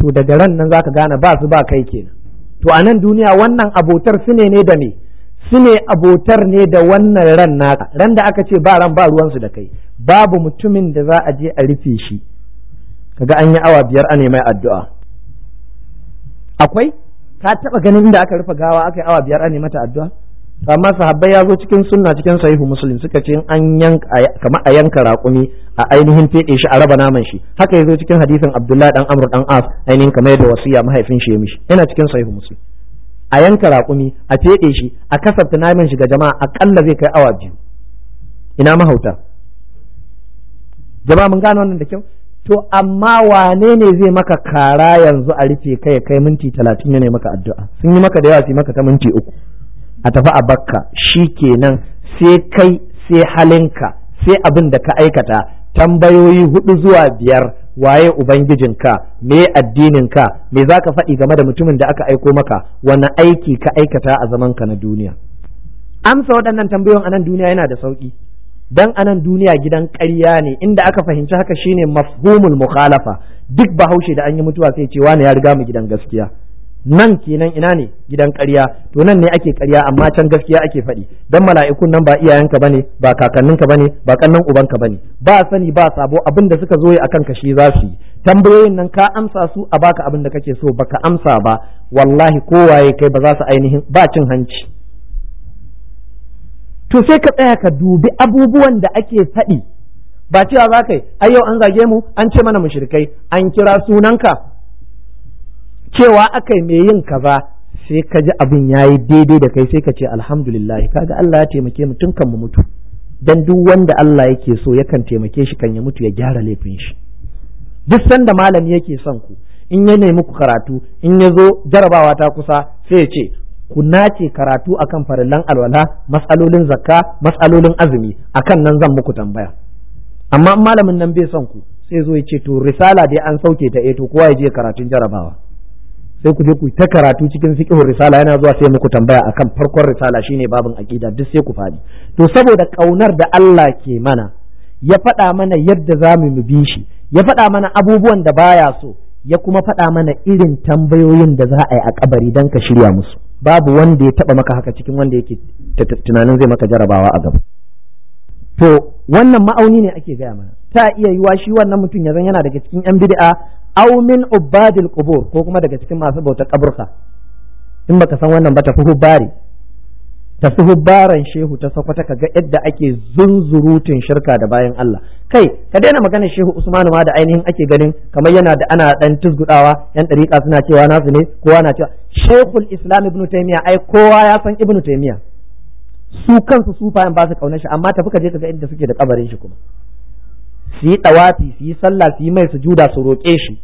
[SPEAKER 1] to daga ran nan zaka gane ba su ba kai kenan to a nan duniya wannan abotar su ne ne da me su ne abotar ne da wannan ran naka ran da aka ce ba ran ba ruwansu da kai babu mutumin da za a je a rufe shi kaga an yi awa biyar ana mai addu'a akwai ka taba ganin inda aka rufe gawa aka yi awa biyar ana mata addu'a amma sahabbai ya zo cikin sunna cikin sahihu muslim suka ce an yanka kamar a yanka raƙumi a ainihin fede shi a raba naman shi haka ya zo cikin hadisin abdullahi dan amr dan as ainihin kamar yadda wasiya mahaifin shi ya mishi yana cikin sahihu muslim a yanka raƙumi a feɗe shi a kasafta namin shi ga jama'a aƙalla zai kai awa biyu ina mahauta jama'a mun gane wannan da kyau to amma wane ne zai maka kara yanzu a rufe kai kai minti talatin ne maka addu'a sun yi maka da yawa su maka ta minti uku a tafi a bakka shi kenan sai kai sai halinka sai abin da ka aikata tambayoyi hudu zuwa biyar waye ubangijinka me addininka me zaka fadi faɗi game da mutumin da aka aiko maka wani aiki ka aikata a ka na duniya amsa waɗannan tambayoyin anan duniya yana da sauƙi dan anan duniya gidan ƙarya ne inda aka fahimci haka shine mafhumul mukhalafa duk bahaushe da an yi mutuwa sai ce wani ya riga mu gidan gaskiya nan kenan ina ne gidan ƙarya to nan ne ake ƙarya amma can gaskiya ake faɗi dan mala'ikun nan ba iyayenka bane ba kakanninka bane ba kannan ubanka bane ba sani ba sabo abin da suka zo yi akan ka shi za yi tambayoyin nan ka amsa su a baka abin da kake so baka amsa ba wallahi kowa kowaye kai ba za su ainihin ba cin hanci to sai ka tsaya ka dubi abubuwan da ake faɗi ba cewa za ka yi ai yau an zage mu an ce mana mushrikai an kira sunanka cewa aka yi mai yin kaza sai ka ji abin ya yi daidai da kai sai ka ce alhamdulillah kaga Allah ya taimake mu tun kan mu mutu dan duk wanda Allah yake so yakan taimake shi kan ya mutu ya gyara laifin shi duk sanda malami yake son ku in ya nemi ku karatu in ya zo jarabawa ta kusa sai ya ce ku nace karatu akan farillan alwala matsalolin zakka matsalolin azumi akan nan zan muku tambaya amma malamin nan bai son ku sai zo ya ce to risala dai an sauke ta eto eh, to kowa ya je karatun jarabawa sai ku je ku ta karatu cikin fiqhur risala yana zuwa sai muku tambaya akan farkon risala shine babin aqida duk sai ku faɗi to saboda ƙaunar da Allah ke mana ya faɗa mana yadda za mu bi shi ya faɗa mana abubuwan da baya so ya kuma faɗa mana irin tambayoyin da za a yi a kabari dan ka shirya musu babu wanda ya taba maka haka cikin wanda yake tunanin zai maka jarabawa a gaba to wannan ma'auni ne ake gaya mana ta iya yiwa shi wannan mutum ya zan yana daga cikin yan bid'a aw min ubadil qubur ko kuma daga cikin masu bautar kaburka in baka san wannan ba tafi hubbari Ta hubbaran shehu ta sakwata ka ga yadda ake zunzurutun shirka da bayan Allah kai ka daina magana shehu Usmanu ma da ainihin ake ganin kamar yana da ana dan tuzgudawa yan ɗarika suna cewa nasu ne kowa na cewa shehul islam ibnu taymiya ai kowa ya san ibnu taymiya su kansu sufayen ba su kaunar shi amma tafi ka je ka ga inda suke da kabarin shi kuma su yi ɗawafi su yi sallah su yi mai juda su roƙe shi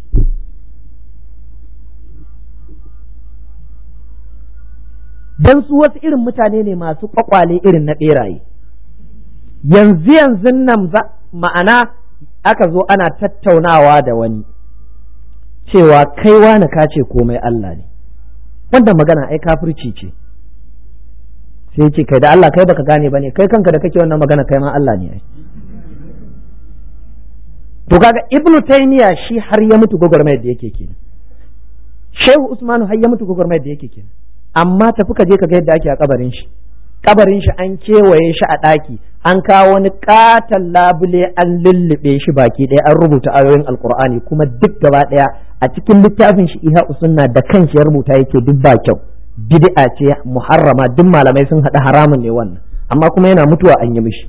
[SPEAKER 1] don su wasu irin mutane ne masu kwakwale irin na beraye yanzu yanzu nan ma'ana aka zo ana tattaunawa da wani cewa kai wani ka ce komai Allah ne wanda magana ai kafirci ce sai ce kai da Allah kai baka gane bane kai kanka da kake wannan magana kai ma Allah ne ai to kaga ibnu taymiya shi har ya mutu gwagwarmayar da yake kenan shehu usmanu har ya mutu gwagwarmayar da yake kenan amma tafi ka je ka ga yadda ake a kabarin shi kabarin shi an kewaye shi a ɗaki an kawo wani katon labule an lullube shi baki ɗaya an rubuta ayoyin alkur'ani kuma duk gaba ɗaya a cikin littafin shi iha usunna da kanshi ya rubuta yake duk ba kyau bid'a ce muharrama duk malamai sun haɗa haramun ne wannan amma kuma yana mutuwa an yi mishi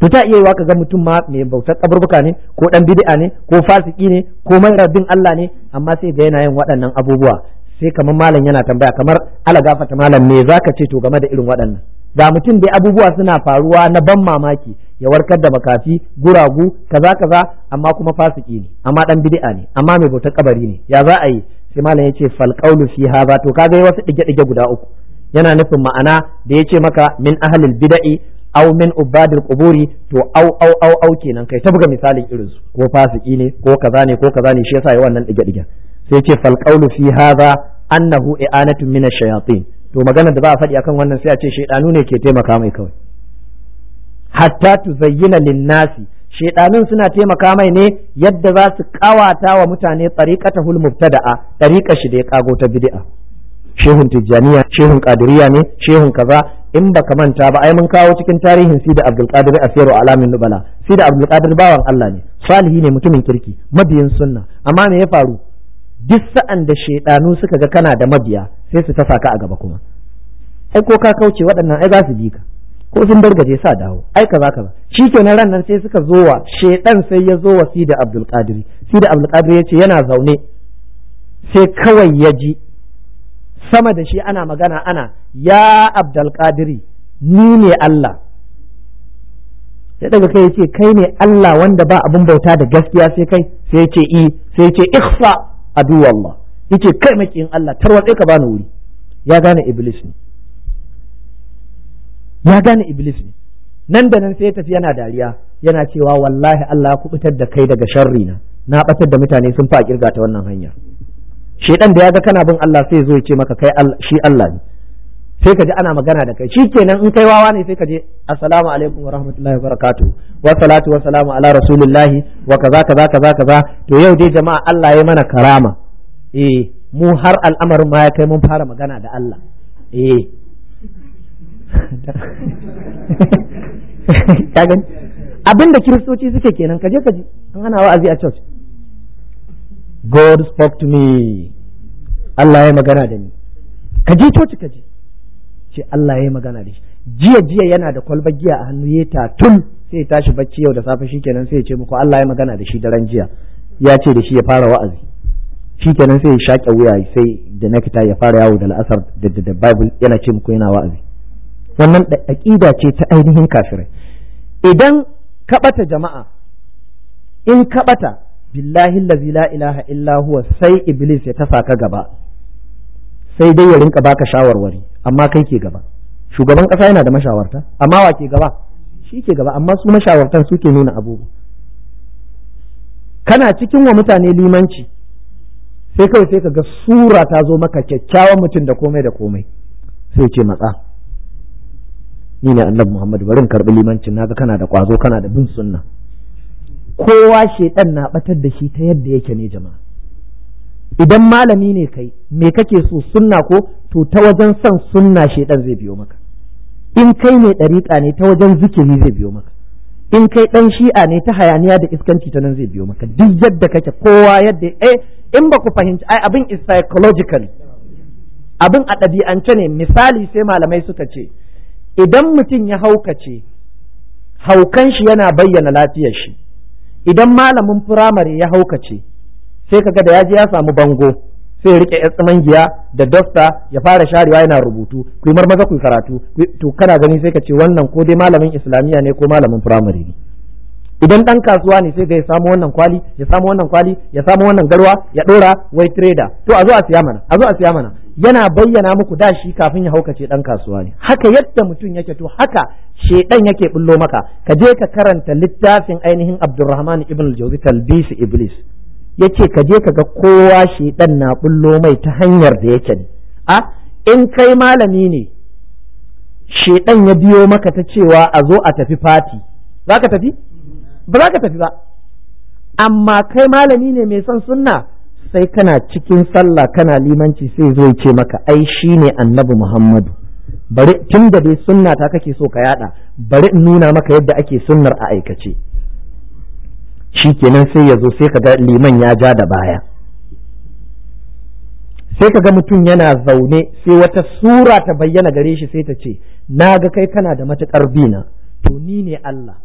[SPEAKER 1] to ta iya yiwa ka ga mutum ma mai bautar kaburbuka ne ko dan bid'a ne ko fasiki ne ko mai rabbin Allah ne amma sai ga yana yin waɗannan abubuwa sai kamar malam yana tambaya kamar ala gafata malam me ka ce to game da irin waɗannan ga mutum dai abubuwa suna faruwa na ban mamaki ya warkar da makafi guragu kaza kaza amma kuma fasiki ne amma dan bid'a ne amma mai bautar kabari ne ya za a yi sai malam ya ce fal qawlu fi hadha to kaga wasu ɗige-ɗige guda uku yana nufin ma'ana da ya ce maka min ahlil bida'i au min ubadil quburi to au au au au kenan kai ta buga misalin irinsu su ko fasiki ne ko kaza ne ko kaza ne shi yasa yi wannan dige dige sai ce fal fi haza. annahu i'anatun min ash-shayatin to magana da za a faɗi akan wannan sai a ce shaydanu ne ke taimaka mai kawai hatta tuzayyina lin-nasi suna taimaka mai ne yadda za su kawata wa mutane tariqata hul mubtada'a tariqa shi da ya kago ta bid'a shehun tijjaniya shehun qadiriyya ne shehun kaza in baka manta ba ai mun kawo cikin tarihin sida abdul qadir asiru alamin nubala sida abdul qadir bawan Allah ne salihi ne mutumin kirki mabiyin sunna amma me ya faru duk sa'an da shaidanu suka ga kana da mabiya sai su tasa ka a gaba kuma ai ko ka kauce waɗannan ai za su bi ka ko sun bargaje sa dawo ai kaza kaza shikenan ran nan sai suka zo wa shaidan sai ya zo wa sida abdul qadir sida abdul ya yace yana zaune sai kawai ya ji sama da shi ana magana ana ya abdul qadir ni ne Allah sai daga kai yace kai ne Allah wanda ba abun bauta da gaskiya sai kai sai yace i sai yace ikhfa Allah yace kai makiyin Allah tarwatse ka bani wuri ya gane iblis ne ya gane iblis ne nan da nan sai ya tafi yana dariya yana cewa wallahi Allah ya kubutar da kai daga sharri na na batar da mutane sun fa kirga ta wannan hanya shedan da ya ga kana bin Allah sai ya zo ya ce maka kai shi Allah ne sai ka ji ana magana da kai shikenan in kai wawa ne sai ka je assalamu alaikum wa rahmatullahi wa barakatuh wa salatu wa salamu ala rasulillahi wa kaza kaza kaza kaza to yau dai jama'a Allah ya mana karama eh mu har al'amarin ma ya kai mun fara magana da Allah eh <laughs> kagan abin kiristoci suke kenan kaje kaje an ana wa'azi a church God spoke to me Allah ya magana da ni kaje coci kaje ce Allah yi magana da shi jiya jiya yana da kwalbar giya a hannu ya tun sai ya tashi bacci yau da safe shikenan sai ya ce muku Allah ya magana da shi daren jiya ya ce da shi ya fara wa'azi shikenan sai ya shaƙe wuya sai da fita ya fara yawo da la'asar da da Bible yana ce muku yana wa'azi wannan aqida ce ta ainihin kafirai idan ka jama'a in ka bata billahi la ilaha illa huwa sai iblis ya tasa ka gaba sai dai ya rinka baka shawarwari amma kai ke gaba shugaban kasa yana da mashawarta amma wa ke gaba shi ke gaba amma su mashawartan suke nuna abubuwa kana cikin wa mutane limanci sai kawai sai ka ga sura ta zo maka kyakkyawan mutum da komai da komai sai ce matsa ni ne annabi Muhammad bari in karbi limancin ga kana da kwazo kana da bin sunna kowa shedan na batar da shi ta yadda yake ne jama'a idan malami ne kai me kake so sunna ko to ta wajen son sunna shedan zai biyo maka in kai mai ɗariƙa ne ta wajen zikiri zai biyo maka in kai ɗan shi'a ne ta hayaniya da iskanci ta nan zai biyo maka duk yadda kake kowa yadda eh in ba ku fahimci ai abin is psychological abin a ɗabi'ance ne misali sai malamai suka ce idan mutum ya haukace haukan shi yana bayyana lafiyar shi idan malamin firamare ya haukace sai kaga da ya je ya samu bango sai ya rike tsiman giya da dosta ya fara sharewa yana rubutu ku maza ku karatu to kana gani sai ka ce wannan ko dai malamin islamiyya ne ko malamin firamare ne idan dan kasuwa ne sai ga ya samu wannan kwali ya samu wannan kwali ya samu wannan garwa ya dora wai trader to a zo a siya mana a zo a siya mana yana bayyana muku da shi kafin ya haukace dan kasuwa ne haka yadda mutum yake to haka shedan yake bullo maka ka je ka karanta littafin ainihin Abdurrahman ibn al-Jawzi talbis iblis yace ka je ka ga kowa shedan na bullo mai ta hanyar da yake ne a in kai malami ne shedan ya biyo maka ta cewa a zo a tafi fati za ka tafi ba za ka tafi ba amma kai malami ne mai son sunna sai kana cikin sallah kana limanci sai zo ce maka ai shine annabi muhammadu bari tun da dai sunna ta kake so ka yada bari in nuna maka yadda ake sunnar a aikace shi kenan sai ya zo sai kaga liman ya ja da baya sai kaga mutum yana zaune sai wata sura ta bayyana gare shi sai ta ce na ga kai kana da matuƙar bina to ni ne Allah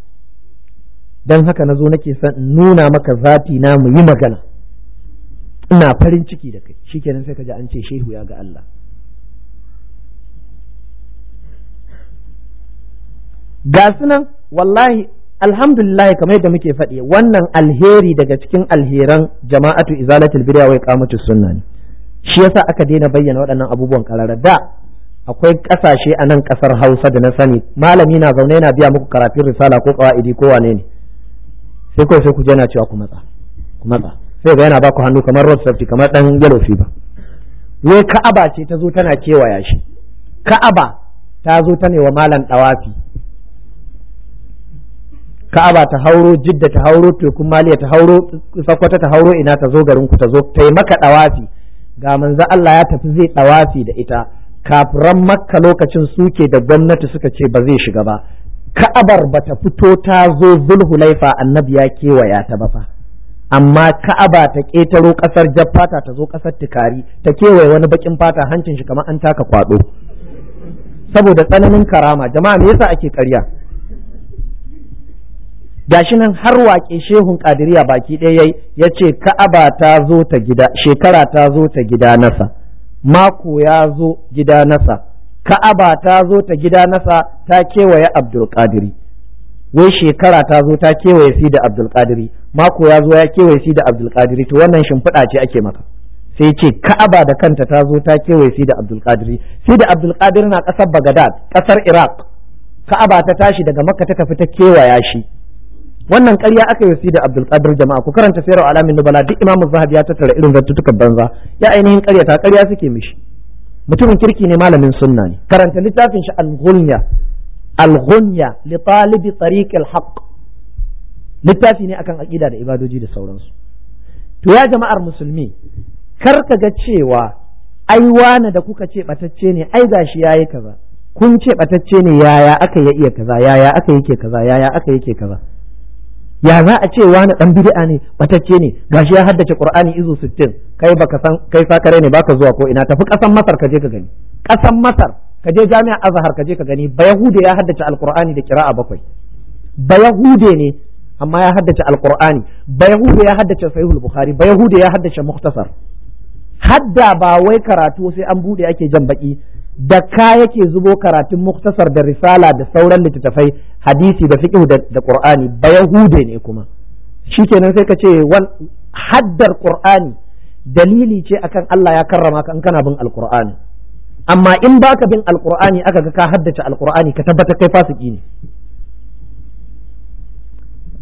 [SPEAKER 1] don haka nazo nake son in nuna maka zati na mu yi magana ina farin ciki da kai shikenan sai kaji an ce shehu ya ga Allah ga sunan wallahi alhamdulillah kamar yadda muke faɗi wannan alheri daga cikin alheran jama'atu izalatul bid'a wa iqamatu sunna ne shi yasa aka daina bayyana waɗannan abubuwan karara da akwai ƙasashe a nan ƙasar Hausa da na sani malami na zaune yana biya muku karatun risala ko qawaidi ko wane ne sai kawai sai ku je na cewa ku matsa ku matsa sai ga yana ba ku hannu kamar road safety kamar dan yellow fever wai ka'aba ce ta zo tana kewaya shi ka'aba ta zo ta ne wa malam dawafi ka'aba ta hauro jidda ta hauro tekun maliya ta hauro sakwata ta hauro ina ta zo garin ku ta zo ta yi maka dawafi ga manzo Allah ya tafi zai ɗawafi da ita kafiran makka lokacin suke da gwamnati suka ce ba zai shiga ba ka'abar ba ta fito ta zo zulhulaifa annabi ya kewaya ta ba fa amma ka'aba ta ƙetaro ƙasar jaffata ta zo ƙasar tikari ta kewaye wani bakin fata hancin shi kamar an taka kwado saboda tsananin karama jama'a me yasa ake ƙarya gashi nan har waƙe shehun kadiriya baki ɗaya yayi yace ka'aba ta zo ta gida shekara ta zo ta gida nasa mako ya zo gida nasa ka'aba ta zo ta gida nasa ta kewaye abdul qadiri wai shekara ta zo ta kewaye si da abdul qadiri mako ya zo ya kewaye si da abdul qadiri to wannan shimfiɗa ce ake maka sai ce ka'aba da kanta ta zo ta kewaye si da abdul qadiri si da abdul qadiri na ƙasar bagadad ƙasar iraq ka'aba ta tashi daga makka ta tafi ta kewaya shi wannan ƙarya aka yi da Abdul Qadir jama'a ku karanta sayar alamin nubala duk Imam Zahabi ya tattara irin zattutukan banza ya ainihin ƙarya ta ƙarya suke mishi mutumin kirki ne malamin sunna ne karanta littafin shi al-ghunya al-ghunya li talibi tariq al haq littafi ne akan aqida da ibadoji da sauransu to ya jama'ar musulmi kar ka ga cewa ai wani da kuka ce batacce ne ai gashi yayi kaza kun ce batacce ne yaya aka ya iya kaza yaya aka yake kaza yaya aka yake kaza ya za a ce wani dan bid'a ne batacce ne gashi ya haddace qur'ani izo 60 kai baka san kai sakare ne baka zuwa ko ina tafi kasan masar ka je ka gani kasan masar ka je jami'an azhar ka je ka gani bayahude ya haddace alqur'ani da qira'a bakwai bayahude ne amma ya haddace alqur'ani bayahude ya haddace sahihul bukhari bayahude ya haddace muhtasar hadda ba wai karatu sai an bude ake jan baki da ka yake zubo karatun muktasar da risala da sauran littattafai hadisi da fiqh da qur'ani ba yahude ne kuma shikenan sai ka ce haddar qur'ani dalili ce akan Allah ya karrama ka in kana bin alqur'ani amma in baka bin alqur'ani aka ga ka haddace alqur'ani ka tabbata kai fasiki ne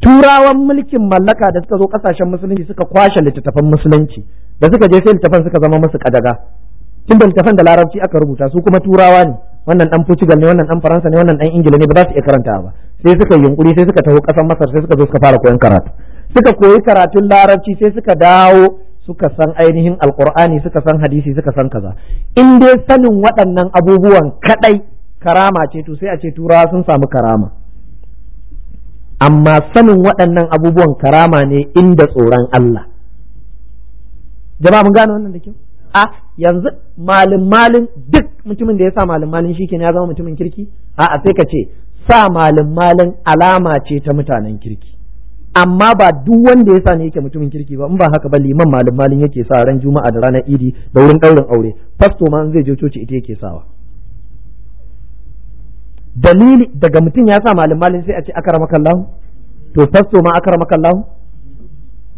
[SPEAKER 1] turawan mulkin mallaka da suka zo kasashen musulunci suka kwashe littattafan musulunci da suka je sai littattafan suka zama musu kadaga da littafan da larabci aka rubuta su kuma turawa ne wannan dan Portugal ne wannan dan Faransa ne wannan dan Ingila ne ba za su iya karanta ba sai suka yunkuri sai suka taho kasar Masar sai suka zo suka fara koyon karatu suka koyi karatun larabci sai suka dawo suka san ainihin alkur'ani suka san hadisi suka san kaza in dai sanin waɗannan abubuwan kadai karama ce to sai a ce turawa sun samu karama amma sanin waɗannan abubuwan karama ne inda tsoron Allah jama'a mun gane wannan da kyau a yanzu malin malin duk mutumin da ya sa malin malin shi ya zama mutumin kirki a'a sai ka ce sa malin malin alama ce ta mutanen kirki amma ba duk wanda ya sa ne yake mutumin kirki ba in ba haka ba liman malin malin yake sa ran juma'a da ranar idi da wurin ɗaurin aure fasto ma zai je coci ita yake sawa dalili daga mutum ya sa malin malin sai a ce akara makallahu to fasto ma akara makallahu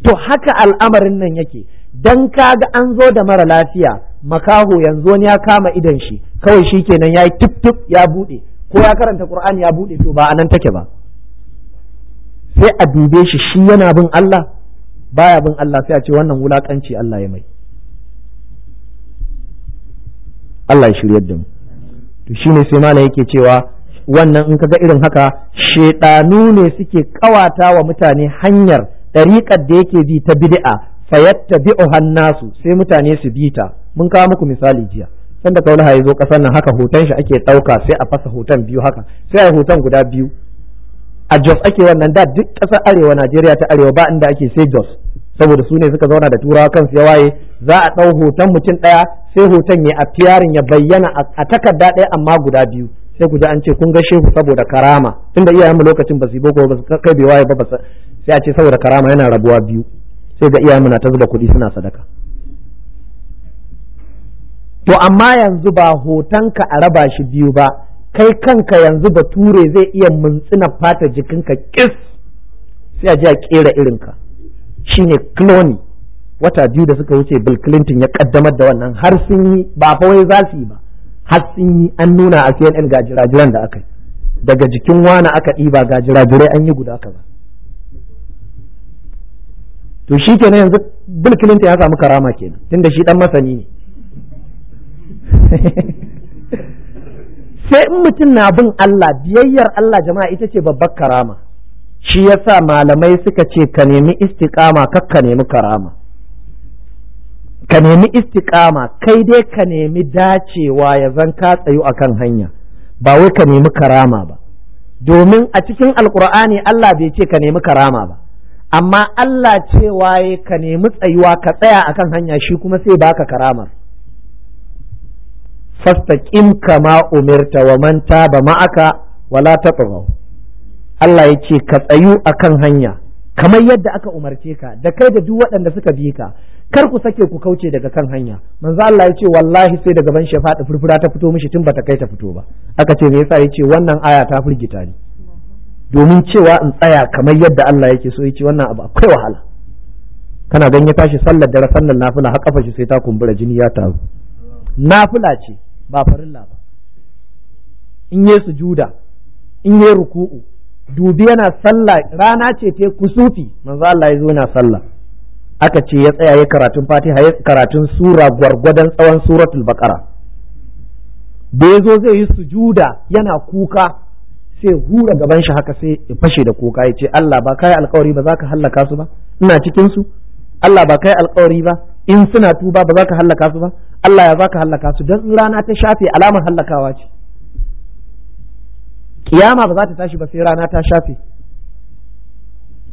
[SPEAKER 1] to haka al'amarin nan yake dan kaga an zo da mara lafiya makaho yanzu wani ya kama idon shi kawai shi kenan ya yi tip tip ya buɗe ko ya karanta qur'ani ya buɗe to ba anan take ba sai a dube shi shi yana bin Allah baya bin Allah sai a ce wannan wulakanci Allah ya mai Allah ya shirya da mu to shine sai malam yake cewa wannan in kaga irin haka shedanu ne suke kawata wa mutane hanyar ɗariƙar da yake bi ta bid'a fayatta o nasu sai mutane su bita mun kawo muku misali jiya sanda kaulaha ya zo kasar nan haka hoton shi ake ɗauka sai a fasa hoton biyu haka sai a hoton guda biyu a Jos ake wannan da duk ƙasar arewa Najeriya ta arewa ba inda ake sai Jos saboda su ne suka zauna da turawa kansu ya waye za a ɗau hoton mutum ɗaya sai hoton ya a tiyarin ya bayyana a takarda ɗaya amma guda biyu sai ku ji an ce kun ga shehu saboda karama tunda iyayenmu lokacin ba su yi boko ba su kai waye ba sai a ce saboda karama yana rabuwa biyu sai ga iya muna ta zuba kuɗi suna sadaka to amma yanzu ba hotonka a raba shi biyu ba kai kanka yanzu bature zai iya muntsina fata jikinka kis sai a ji a kera irinka ne cloney wata biyu da suka wuce bill clinton ya ƙaddamar da wannan har sun yi ba fa za su yi ba har sun yi an nuna a cnn ga jirajiran da aka yi daga jikin wana aka ɗiba ga jirajirai an yi guda kaza to shi kenan yanzu bill clinton ya samu karama kenan tunda shi dan masani ne sai in mutum na bin Allah biyayyar Allah jama'a ita ce babbar karama shi yasa malamai suka ce ka nemi istiqama ka nemi karama ka nemi istiqama kai dai ka nemi dacewa ya zan ka tsayu akan hanya ba wai ka nemi karama ba domin a cikin alkur'ani Allah bai ce ka nemi karama ba amma Allah cewa waye ka nemi tsayuwa ka tsaya akan hanya shi kuma sai baka karamar fastaqim kama umirta wa man taba ma'aka wala tatghaw Allah ya ce ka tsayu akan hanya kamar yadda aka umarce ka da kai da duk waɗanda suka bi ka kar ku sake ku kauce daga kan hanya manzo Allah ya ce wallahi sai daga ban shafa furfura ta fito mishi tun bata kai ta fito ba aka ce me yasa ya ce wannan aya ta firgita ni domin cewa in tsaya kamar yadda Allah yake so yace wannan abu akwai wahala kana gan ya tashi sallar dare sallar nafila har kafa shi sai ta kumbura jini ya taru nafila ce ba farilla ba in yi sujuda in yi ruku'u dubi yana sallah rana ce ta kusufi manzo Allah ya zo yana sallah aka ce ya tsaya ya karatun Fatiha ya karatun sura gwargwadon tsawon suratul Baqara da ya zo zai yi sujuda yana kuka sai hura gaban shi haka sai ya fashe da kuka ya ce Allah ba kai alkawari ba za ka hallaka su ba ina cikin su Allah ba kai alkawari ba in suna tuba ba za ka hallaka su ba Allah ya za ka hallaka su don rana ta shafe alamar hallakawa ce kiyama ba za ta tashi ba sai rana ta shafe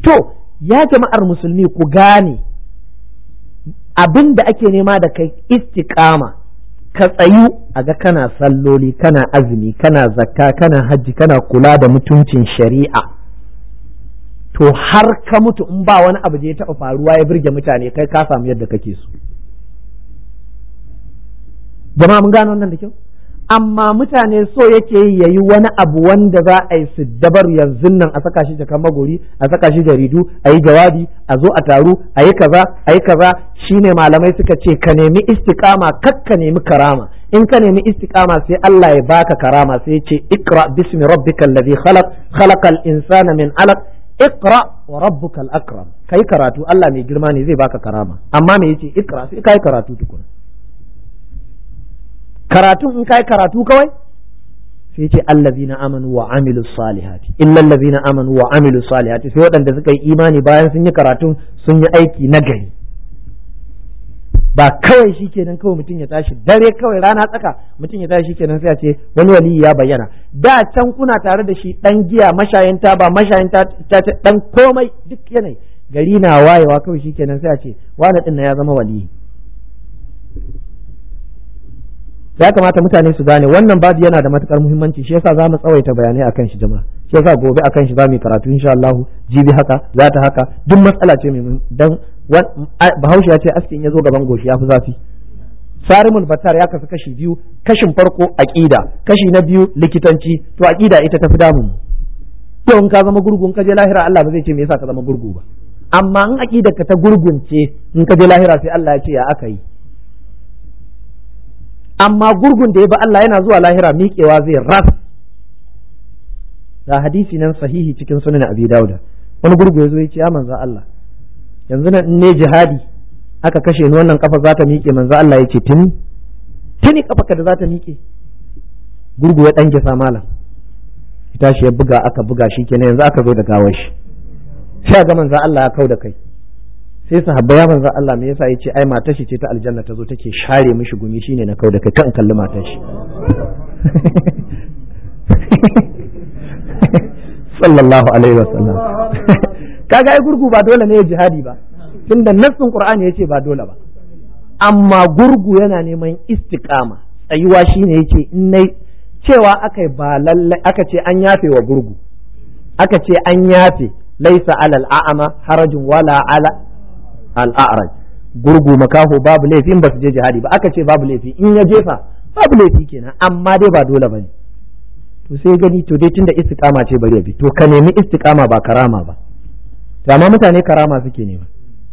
[SPEAKER 1] to ya jama'ar musulmi ku gane abin da ake nema da kai istiqama ka tsayu a ga kana salloli kana azumi kana zakka kana hajji kana kula da mutuncin shari'a to har ka mutu in ba wani abu je ya taɓa faruwa ya birge mutane kai ka samu yadda kake so jama'a mun gano wannan da kyau amma mutane so yake yi yayi wani abu wanda za a yi su dabar yanzu nan a saka shi jakan magori a saka shi jaridu a yi jawabi a zo a taru a yi kaza a yi kaza shine malamai suka ce ka nemi istiqama kakka nemi karama in ka nemi istiqama sai Allah ya baka karama sai ya ce ikra bismi rabbikal ladhi khalaq khalaqal insana min alaq ikra wa rabbukal akram kai karatu Allah mai girma ne zai baka karama amma me yace ikra sai kai karatu tukuna karatu in kai karatu kawai sai yace allazina amanu wa amilu salihati illa allazina amanu wa amilu salihati sai waɗanda suka yi imani bayan sun yi karatu sun yi aiki na gari ba kawai shi kenan kawai mutum ya tashi dare kawai rana tsaka mutum ya tashi kenan sai a ce wani wali ya bayyana da can kuna tare da shi dan giya mashayin ba mashayin ta dan komai duk yanayi gari na wayewa kawai shi kenan sai a ce wani din ya zama wali ya kamata mutane su gane wannan babu yana da matukar muhimmanci shi yasa za mu tsawaita bayanai akan shi jama'a shi yasa gobe akan shi za mu karatu insha Allah jibi haka za ta haka duk matsala ce mai dan bahaushe ya ce askin ya zo gaban goshi ya fi zafi sarimul battar ya kasu kashi biyu kashin farko aqida kashi na biyu likitanci to aqida ita tafi damu to in ka zama gurgun ka je lahira Allah ba zai ce me yasa ka zama gurgu ba amma in aqidar ka ta gurgunce in ka je lahira sai Allah ya ce ya aka yi amma gurgun da ya ba Allah yana zuwa lahira miƙewa zai ras ga hadisi nan sahihi cikin sunan abi dauda wani gurgu ya zo ya ce ya manzo Allah yanzu nan in ne jihadi aka kashe ni wannan kafa za ta miƙe manzo Allah ya ce tuni tuni kafa da za ta miƙe gurgu ya dan gisa malam ita tashi ya buga aka buga shi kenan yanzu aka zo da gawar shi sha ga manzo Allah ya kau da kai sai sahabba ya manzo Allah me yasa yace ai matar shi ce ta aljanna ta zo take share mishi gumi shine na kau da kai kan kalli matar shi <laughs> sallallahu alaihi wa sallam <laughs> kaga ai gurgu ba dole ne ya jihadi ba tunda nassin qur'ani yace ba dole ba amma gurgu yana neman istiqama tsayuwa shine yace in nai cewa aka ba lalle aka ce an yafe wa gurgu aka ce an yafe laisa alal a'ama harajun wala ala al a'raj gurgu makaho babu laifi in ba su je jihadi ba aka ce babu laifi in ya jefa babu laifi kenan amma dai ba dole bane to sai gani to dai tunda istiqama ce bari bi to ka nemi istiqama ba karama ba to amma mutane karama suke nema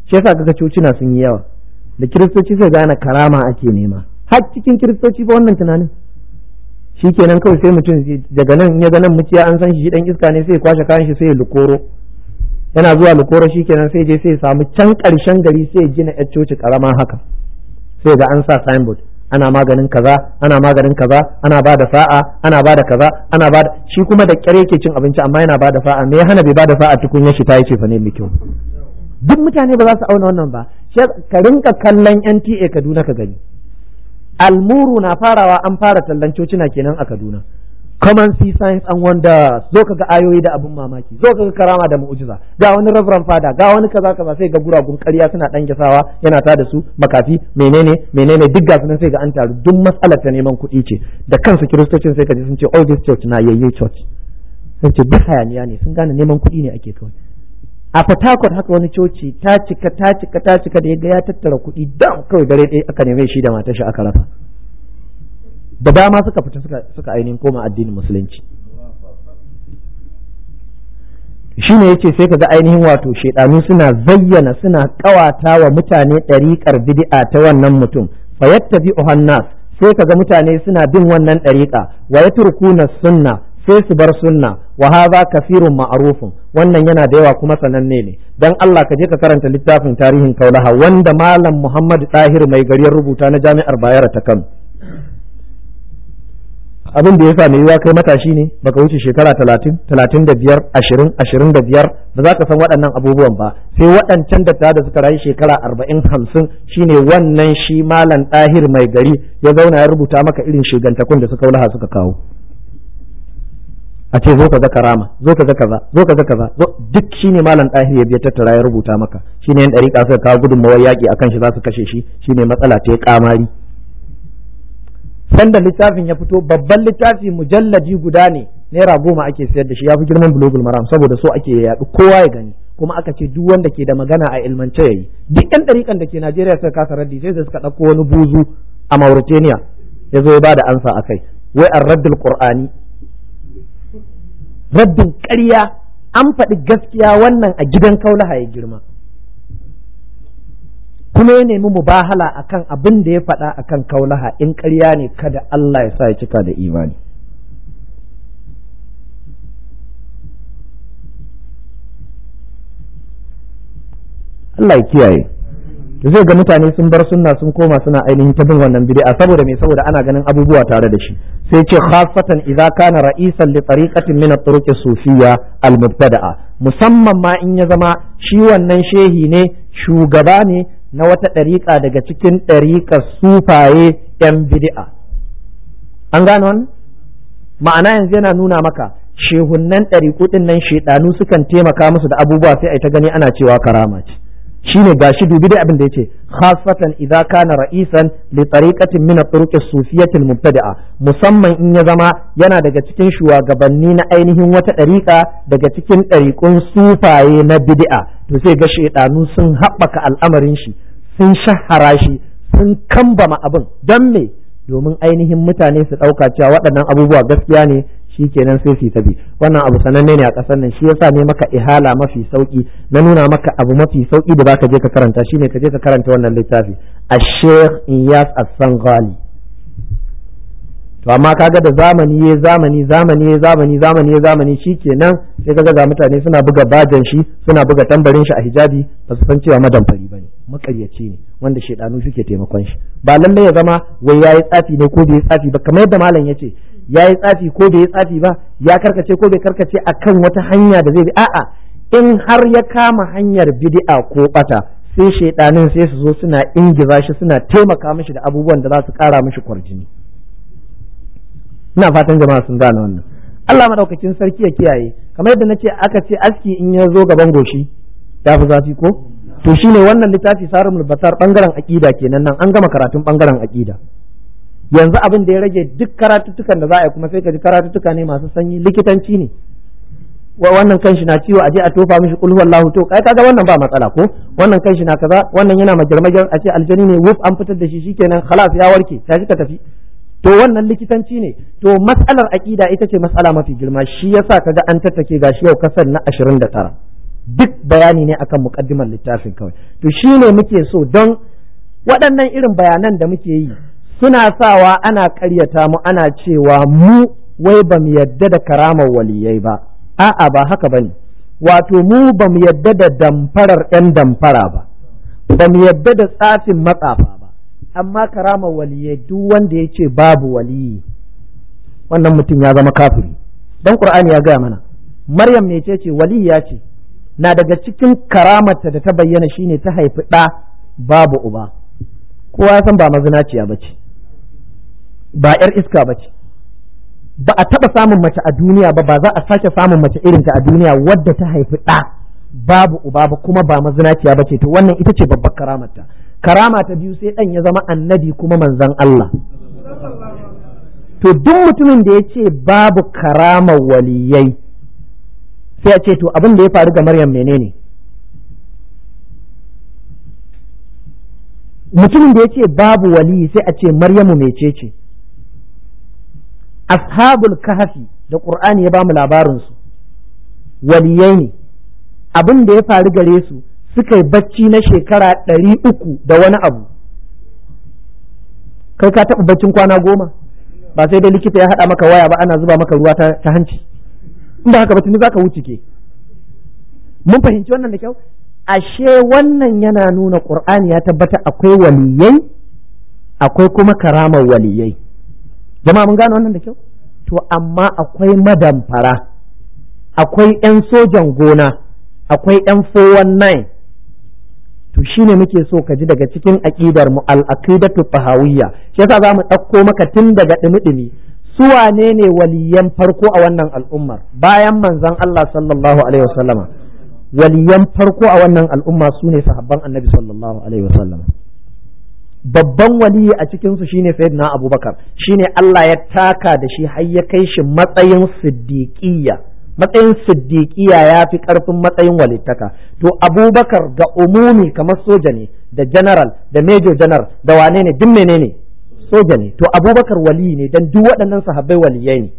[SPEAKER 1] shi yasa kaga cocina sun yi yawa da kiristoci sai gane karama ake nema har cikin kiristoci ba wannan tunanin shi kenan kawai sai mutum daga nan ya ga nan muciya an san shi dan iska ne sai ya kwashe kayan shi sai ya lukoro yana zuwa lukoro shi kenan sai je sai ya samu can karshen gari sai ya gina yar coci karama haka sai ga an sa signboard ana maganin kaza ana maganin kaza ana ba da sa'a ana ba da kaza ana ba shi kuma da kyar yake cin abinci amma yana ba da sa'a me ya hana bai ba da sa'a tukun ya shi ta yace fa ne mai kyau duk mutane ba za su auna wannan ba ka rinka kallon NTA Kaduna ka gani almuru na farawa an fara tallan cocina kenan a Kaduna common sea science and wonders zo ka ga ayoyi da abin mamaki zo ka ga karama da mu'jiza ga wani rabran fada ga wani kaza kaza sai ga guragun ƙarya suna dan gisawa yana ta da su makafi menene menene duk ga sunan sai ga an taru duk matsalar ta neman kuɗi ce da kansu kiristocin sai ka ji sun ce all this church na yayye church sun ce duk hayaniya ne sun gane neman kuɗi ne ake kawai a fatakon haka wani coci ta cika ta cika ta cika da ya ga ya tattara kuɗi dam kawai dare ɗaya aka neme shi da matar shi aka rasa da dama suka fita suka ainihin koma addinin musulunci shi ne yace sai ka ga ainihin wato shaidanu suna zayyana suna kawata wa mutane ɗariƙar bid'a ta wannan mutum fa yattabi'uha nas sai ka ga mutane suna bin wannan ɗariƙa wa yatrukuna sunna sai su bar sunna wa hadha kafirun ma'rufun wannan yana da yawa kuma sananne ne Don Allah ka je ka karanta littafin tarihin Kaulaha wanda malam Muhammadu Tahir mai gari rubuta na Jami'ar Bayero ta Kano abin da ya sa mai yiwa kai matashi ne baka wuce shekara talatin talatin da biyar ashirin ashirin da biyar ba za ka san waɗannan abubuwan ba sai waɗancan dattawa da suka rayu shekara arba'in hamsin shine wannan shi malam ɗahir mai gari ya zauna ya rubuta maka irin shigantakun da suka wulaha suka kawo a ce zo ka ga karama zo ka ga kaza zo ka ga kaza duk shine malam ɗahir ya biya tattara ya rubuta maka shine yan ɗariƙa suka kawo gudunmawar yaƙi akan shi za su kashe shi shine matsala ta ya ƙamari sanda littafin ya fito babban littafi mujalladi guda ne naira goma ake sayar da shi ya fi girman bulogul maram saboda so ake yaɗu kowa ya gani kuma aka ce duk wanda ke da magana a ilmance ya yi duk yan ɗarikan da ke Najeriya suka kasa raddi sai suka ɗauko wani buzu a Mauritania ya zo ya bada ansa a kai wai an raddin Kur'ani, raddin ƙarya an faɗi gaskiya wannan a gidan kaulaha ya girma kuma ya nemi mubahala akan abin da ya faɗa akan kaulaha in ƙarya ne kada Allah ya sa ya cika da imani Allah ya kiyaye to zai ga mutane sun bar sunna sun koma suna ainihin ta bin wannan bid'a saboda me saboda ana ganin abubuwa tare da shi sai ce khasatan idza kana ra'isan li tariqatin min at-turuq sufiyya al-mubtada'a musamman ma in ya zama shi wannan shehi ne shugaba ne na wata ɗariƙa daga cikin ɗariƙar sufaye ‘yan bidi'a. an gano wani. ma'ana yanzu yana nuna maka shehunnan ɗariƙu ɗin nan shaiɗanu sukan taimaka musu da abubuwa sai a ta gani ana cewa karama ce Shi shine gashi dubi da abin da ya ce. Hasfatan iza kana ra'isan li tariqatin mina at sufiyatin musamman in ya zama yana daga cikin shugabanni na ainihin wata ɗariƙa daga cikin ɗariƙun sufaye na bidi'a, to sai ga shaiɗanu sun haɓaka al'amarin shi sun shahara shi sun kambama abin don me domin ainihin mutane su ɗauka cewa waɗannan abubuwa gaskiya ne shi kenan sai su tabi wannan abu sananne ne a ƙasar nan shi yasa ne maka ihala mafi sauƙi na nuna maka abu mafi sauki da baka je ka karanta shi ne ka je ka karanta wannan littafi a shaykh Iyas as ghali. to amma kaga da zamani ya zamani zamani ya zamani zamani ya zamani shikenan sai kaga ga mutane suna buga bajan shi suna buga tambarin shi a hijabi ba su san cewa madan madamfari bane makaryaci ne wanda shedanu suke taimakon shi ba lalle ya zama wai yayi tsafi ne ko bai tsafi ba kamar yadda malam yace yayi tsafi ko bai tsafi ba ya karkace ko bai karkace akan wata hanya da zai bi a'a in har ya kama hanyar bidi'a ko bata sai shedanin sai su zo suna ingiza shi suna taimaka mishi da abubuwan da za su kara mishi kwarjini ina fatan jama'a sun gane wannan Allah madaukakin sarki ya kiyaye kamar yadda nace aka ce aski in ya zo gaban goshi ya fi zafi ko to shine wannan littafi sarumul basar bangaren aqida kenan nan an gama karatun bangaren aqida yanzu abin da ya rage duk karatuttukan da za a yi kuma sai ka ji karatuttuka ne masu sanyi likitanci ne wa wannan kanshi na ciwo a je a tofa mishi kulhu wallahu to kai kaga wannan ba matsala ko wannan kanshi na kaza wannan yana majarmajar a ce aljani ne wuf an fitar da shi shikenan khalas ya warke ta ka tafi to wannan likitanci ne to matsalar aƙida ita ce matsala mafi girma shi yasa kaga an tattake gashi yau kasar na ashirin da tara duk bayani ne akan muƙaddimar littafin kawai to shine muke so don waɗannan irin bayanan da muke yi suna sawa ana karyata mu ana cewa mu wai ba mu yadda da karamar waliyai ba a'a ba haka bane wato mu ba mu yadda da damfarar 'yan damfara ba ba mu yadda da tsafin matsafa ba amma karama waliyai duk wanda ya ce babu waliyi wannan mutum ya zama kafiri don qur'ani ya gaya mana maryam mece ce ce na daga cikin karamarta da ta bayyana shine ta haifi ɗa babu uba kowa ya san ba mazinaciya ba ce ba yar iska ba ce ba a taɓa samun mace a duniya ba ba za a sake samun mace irin irinta a duniya wadda ta haifi ɗa babu uba ba kuma ba mazinaciya ba ce to wannan ita ce babbar karamarta karama ta biyu sai ɗan ya zama annabi kuma manzan Allah to duk mutumin da ya ce babu karama waliyai sai a ce to abin da ya faru ga Maryam menene mutumin da ya ce babu waliyi sai a ce Maryamu mecece ashabul kahfi da ƙur'ani ya bamu mu labarinsu, waliyai ne abin da ya faru gare su suka yi bacci na shekara ɗari uku da wani abu kai ka taɓa baccin kwana goma ba sai dai likita ya haɗa maka waya ba ana zuba maka ruwa ta hanci in ba haka ba tuni za ka wuce ke mun fahimci wannan da kyau ashe wannan yana nuna ƙur'ani ya tabbata akwai waliyai akwai kuma karamar waliyai jama'a mun gane wannan da kyau to amma akwai madamfara akwai 'yan sojan gona akwai 'yan 419 to ne muke so ka ji daga cikin aƙidar mu al aqidatu tahawiyya shi yasa mu ɗauko maka tun daga ɗumi-ɗumi? su wane ne waliyan farko a wannan al'ummar bayan manzon Allah sallallahu alaihi wasallama waliyan farko a wannan al'umma su ne sahabban annabi sallallahu alaihi wasallama babban waliyi a cikin su shine sayyidina abubakar shine Allah ya taka da shi har ya kai shi matsayin siddiqiyya matsayin siddiƙiya ya fi ƙarfin matsayin walittaka to abubakar ga umumi kamar soja ne da general da major general da wane ne duk menene soja ne to abubakar wali ne don duk waɗannan sahabbai waliyai ne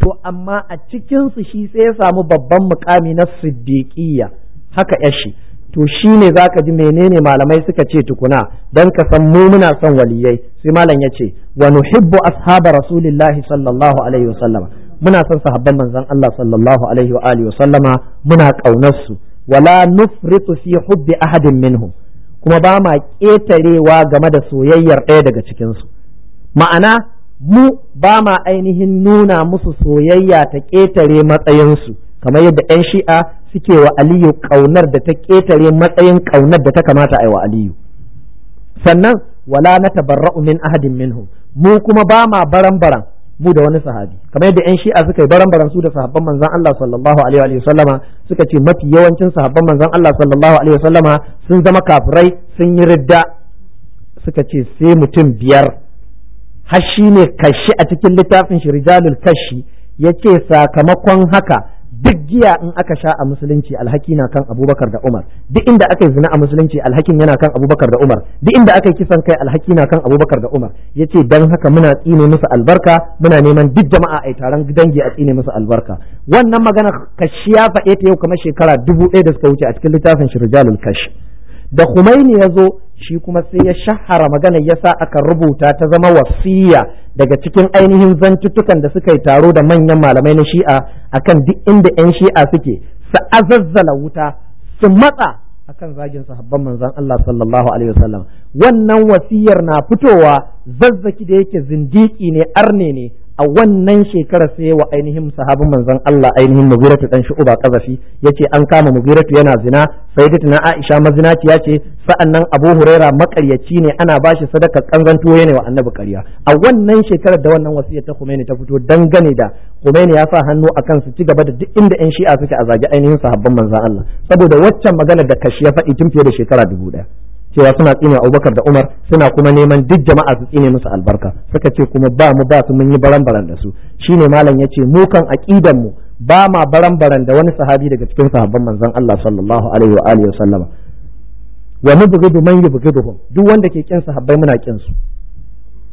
[SPEAKER 1] to amma a cikinsu shi sai ya samu babban mukami na siddiƙiya haka yashi to shi ne za ka ji menene malamai suka ce tukuna don ka san mu muna son waliyai sai malam ya ce wa nuhibbu ashaba rasulillahi sallallahu alaihi wasallam muna son sahabban manzon Allah sallallahu alaihi wa alihi sallama muna kaunar su wala nufritu fi hubbi ahadin minhum kuma ba ma ƙetarewa game da soyayyar ɗaya daga cikin su ma'ana mu ba ma ainihin nuna musu soyayya ta ƙetare matsayinsu kamar yadda 'yan shi'a suke wa aliyu ƙaunar da ta ƙetare matsayin ƙaunar da ta kamata a yi wa aliyu sannan wala na tabarra'u min ahadin minhum mu kuma ba ma baran baran mu da wani sahabi kamar yadda yan shi'a suka yi baran baran su da sahabban manzon Allah sallallahu alaihi wa sallama suka ce mafi yawancin sahabban manzon Allah sallallahu alaihi wa sallama sun zama kafirai sun yi ridda suka ce sai mutum biyar har shi ne kashi a cikin littafin shi rijalul kashi yace sakamakon haka duk giya in aka sha a musulunci alhaki na kan abubakar da umar duk inda aka yi zina a musulunci alhakin yana kan abubakar da umar duk inda aka yi kisan kai alhaki na kan abubakar da umar ya ce don haka muna tsine musu albarka muna neman duk jama'a a taron dangi a tsine musu albarka wannan magana kashi ya faɗe ta yau kamar shekara dubu ɗaya da suka wuce a cikin littafin shirjalul kashi da humaini ya zo shi kuma sai ya shahara magana ya sa aka rubuta ta zama wasiya daga cikin ainihin zantuttukan da suka yi taro da manyan malamai na shi'a akan duk inda yan shi'a suke su azazzala wuta su matsa akan zagin sahabban manzon Allah sallallahu alaihi wasallam wannan wasiyar na fitowa zazzaki da yake zindiki ne arne ne a wannan shekarar sai wa ainihin sahabin manzon Allah ainihin Mughiratu dan Shu'ba kazafi yace an kama Mughiratu yana zina na Aisha mazinaciya ce sa'annan Abu Huraira makaryaci ne ana bashi sadaka kanzan tuwo ne wa Annabi kariya a wannan shekarar da wannan wasiya ta Khomeini ta fito dangane da Khomeini ya sa hannu akan su ci gaba da duk inda yan Shi'a suke a zagi ainihin sahabban manzon Allah saboda waccan magana da kashi ya faɗi tun fiye da shekara dubu ɗaya cewa suna tsine Abubakar da Umar suna kuma neman duk jama'a su tsine musu albarka suka ce kuma ba mu ba su mun yi baran-baran da su shine malam ce mu kan aqidan mu ba ma baran-baran da wani sahabi daga cikin sahabban manzan Allah sallallahu alaihi wa alihi wasallama wa nubghidu man yubghiduhum duk wanda ke kin sahabbai muna kin su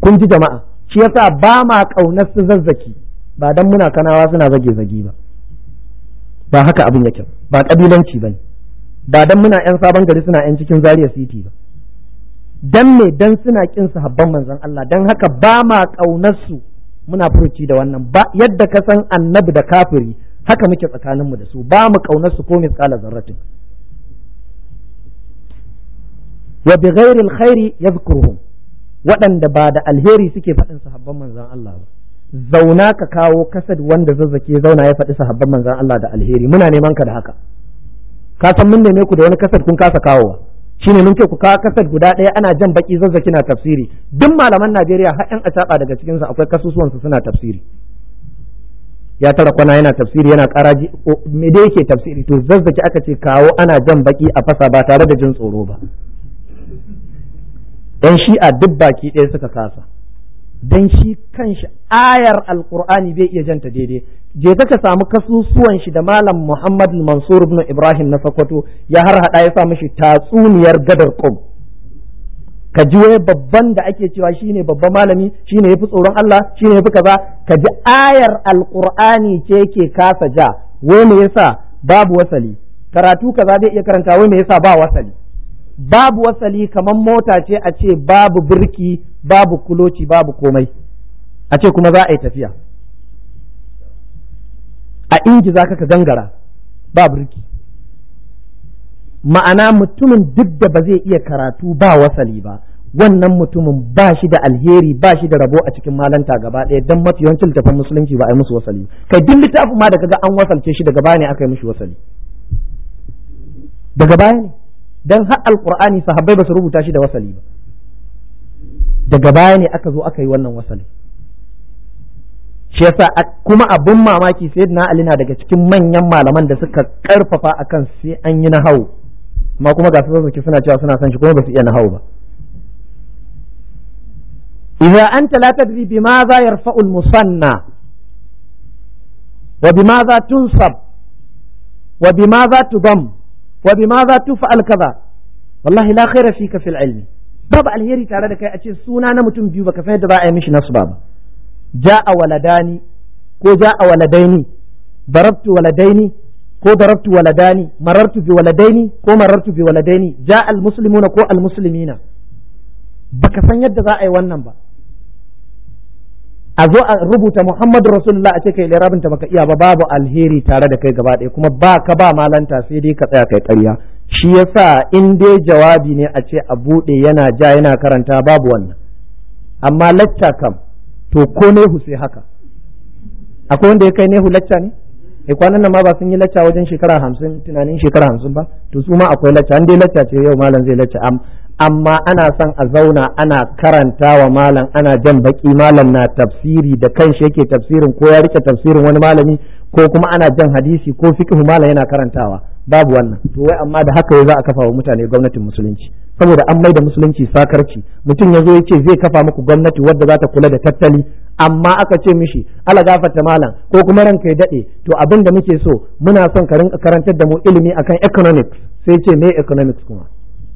[SPEAKER 1] kun ji jama'a shi yasa ba ma kaunar su zazzaki ba dan muna kanawa suna zage zage ba ba haka abin yake ba kabilanci bane ba dan muna yan sabon gari suna yan cikin Zaria City ba dan me dan suna kin su habban manzon Allah dan haka ba ma kaunar su muna furuci da wannan ba yadda ka san annabi da kafiri haka muke tsakanin mu da su ba mu kaunar su ko tsala zarratin wa bi ghairi alkhairi yadhkuruhum waɗanda ba da alheri suke faɗin habban manzon Allah ba zauna ka kawo kasad wanda zazzake zauna ya faɗi sahabban manzon Allah da alheri muna neman ka da haka ka san mun neme ku da wani kasar kun kasa kawowa shine mun ce ku kawo kasar guda ɗaya ana jan baki zazzaki na tafsiri duk malaman Najeriya har yan acaɓa daga cikin su akwai kasusuwan su suna tafsiri ya tara kwana yana tafsiri yana karaji me dai yake tafsiri to zazzaki aka ce kawo ana jan baki a fasa ba tare da jin tsoro ba dan shi'a duk baki ɗaya suka kasa dan shi kanshi ayar alqur'ani bai iya janta daidai je ka samu kasusuwan shi da malam Muhammad Mansur ibn Ibrahim na Sokoto ya har hada ya sa mishi tatsuniyar gadar qum ka ji wai babban da ake cewa shine babban malami shine yafi tsoron Allah shine yafi kaza ka ji ayar alqur'ani ce yake kasa ja wai me yasa babu wasali karatu kaza zai iya karanta wai me yasa ba wasali babu wasali kamar mota ce a ce babu birki babu kuloci babu komai a ce kuma za a yi tafiya a inji za ka gangara ba burki ma'ana mutumin duk da ba zai iya karatu ba wasali ba wannan mutumin ba shi da alheri ba shi da rabo a cikin malanta gaba ɗaya don mafi yawancin littafin musulunci ba a yi musu wasali kai duk littafin ma da kaga an wasalce shi daga baya ne aka yi mishi wasali daga baya ne don har alqur'ani sahabbai ba su rubuta shi da wasali ba daga baya ne aka zo aka yi wannan wasali shi yasa kuma abin mamaki sai na na daga cikin manyan malaman da suka karfafa akan sai an yi hau amma kuma ga su suna cewa suna san shi kuma ba su iya hau ba idza anta la tadri bimadha yarfa'u al-musanna wa bimadha tunsab wa bimadha tudam wa bimadha tuf'al kaza wallahi la khaira fika fil ilmi babu alheri tare da kai a ce suna na mutum biyu baka san yadda za a yi mishi nasu ba ja'a waladani ko ja'a waladaini darabtu waladaini ko darabtu waladani marartu bi waladaini ko marartu bi waladaini ja'a almuslimuna ko almuslimina baka san yadda za a yi wannan ba a zo a rubuta Muhammadu Rasulullah a ce kai larabinta baka iya ba babu alheri tare da kai gaba ɗaya kuma ba ka ba malanta sai dai ka tsaya kai ƙarya shi yasa in dai jawabi ne a ce a buɗe yana ja yana karanta babu wannan amma lacca kam to ko nehu sai haka akwai wanda ya kai nehu lacca ne e kwanan nan ma ba sun yi lacca wajen shekara hamsin tunanin shekara hamsin ba to su ma akwai lacca an dai lacca ce yau malam zai lacca amma ana son a zauna ana karanta wa malam ana jan baki malam na tafsiri da kan kanshi yake tafsirin ko ya rike tafsirin wani malami ko kuma ana jan hadisi ko fikihu malam yana karantawa babu wannan to wai amma da haka za a kafa wa mutane gwamnatin musulunci saboda an mai da musulunci sakarci mutum ya zo ya ce zai kafa muku gwamnati wadda za ta kula da tattali amma aka ce mishi ala gafarta malam ko kuma ranka ya daɗe to abin da muke so muna son ka rinka karantar da mu ilimi akan economics sai ce me economics kuma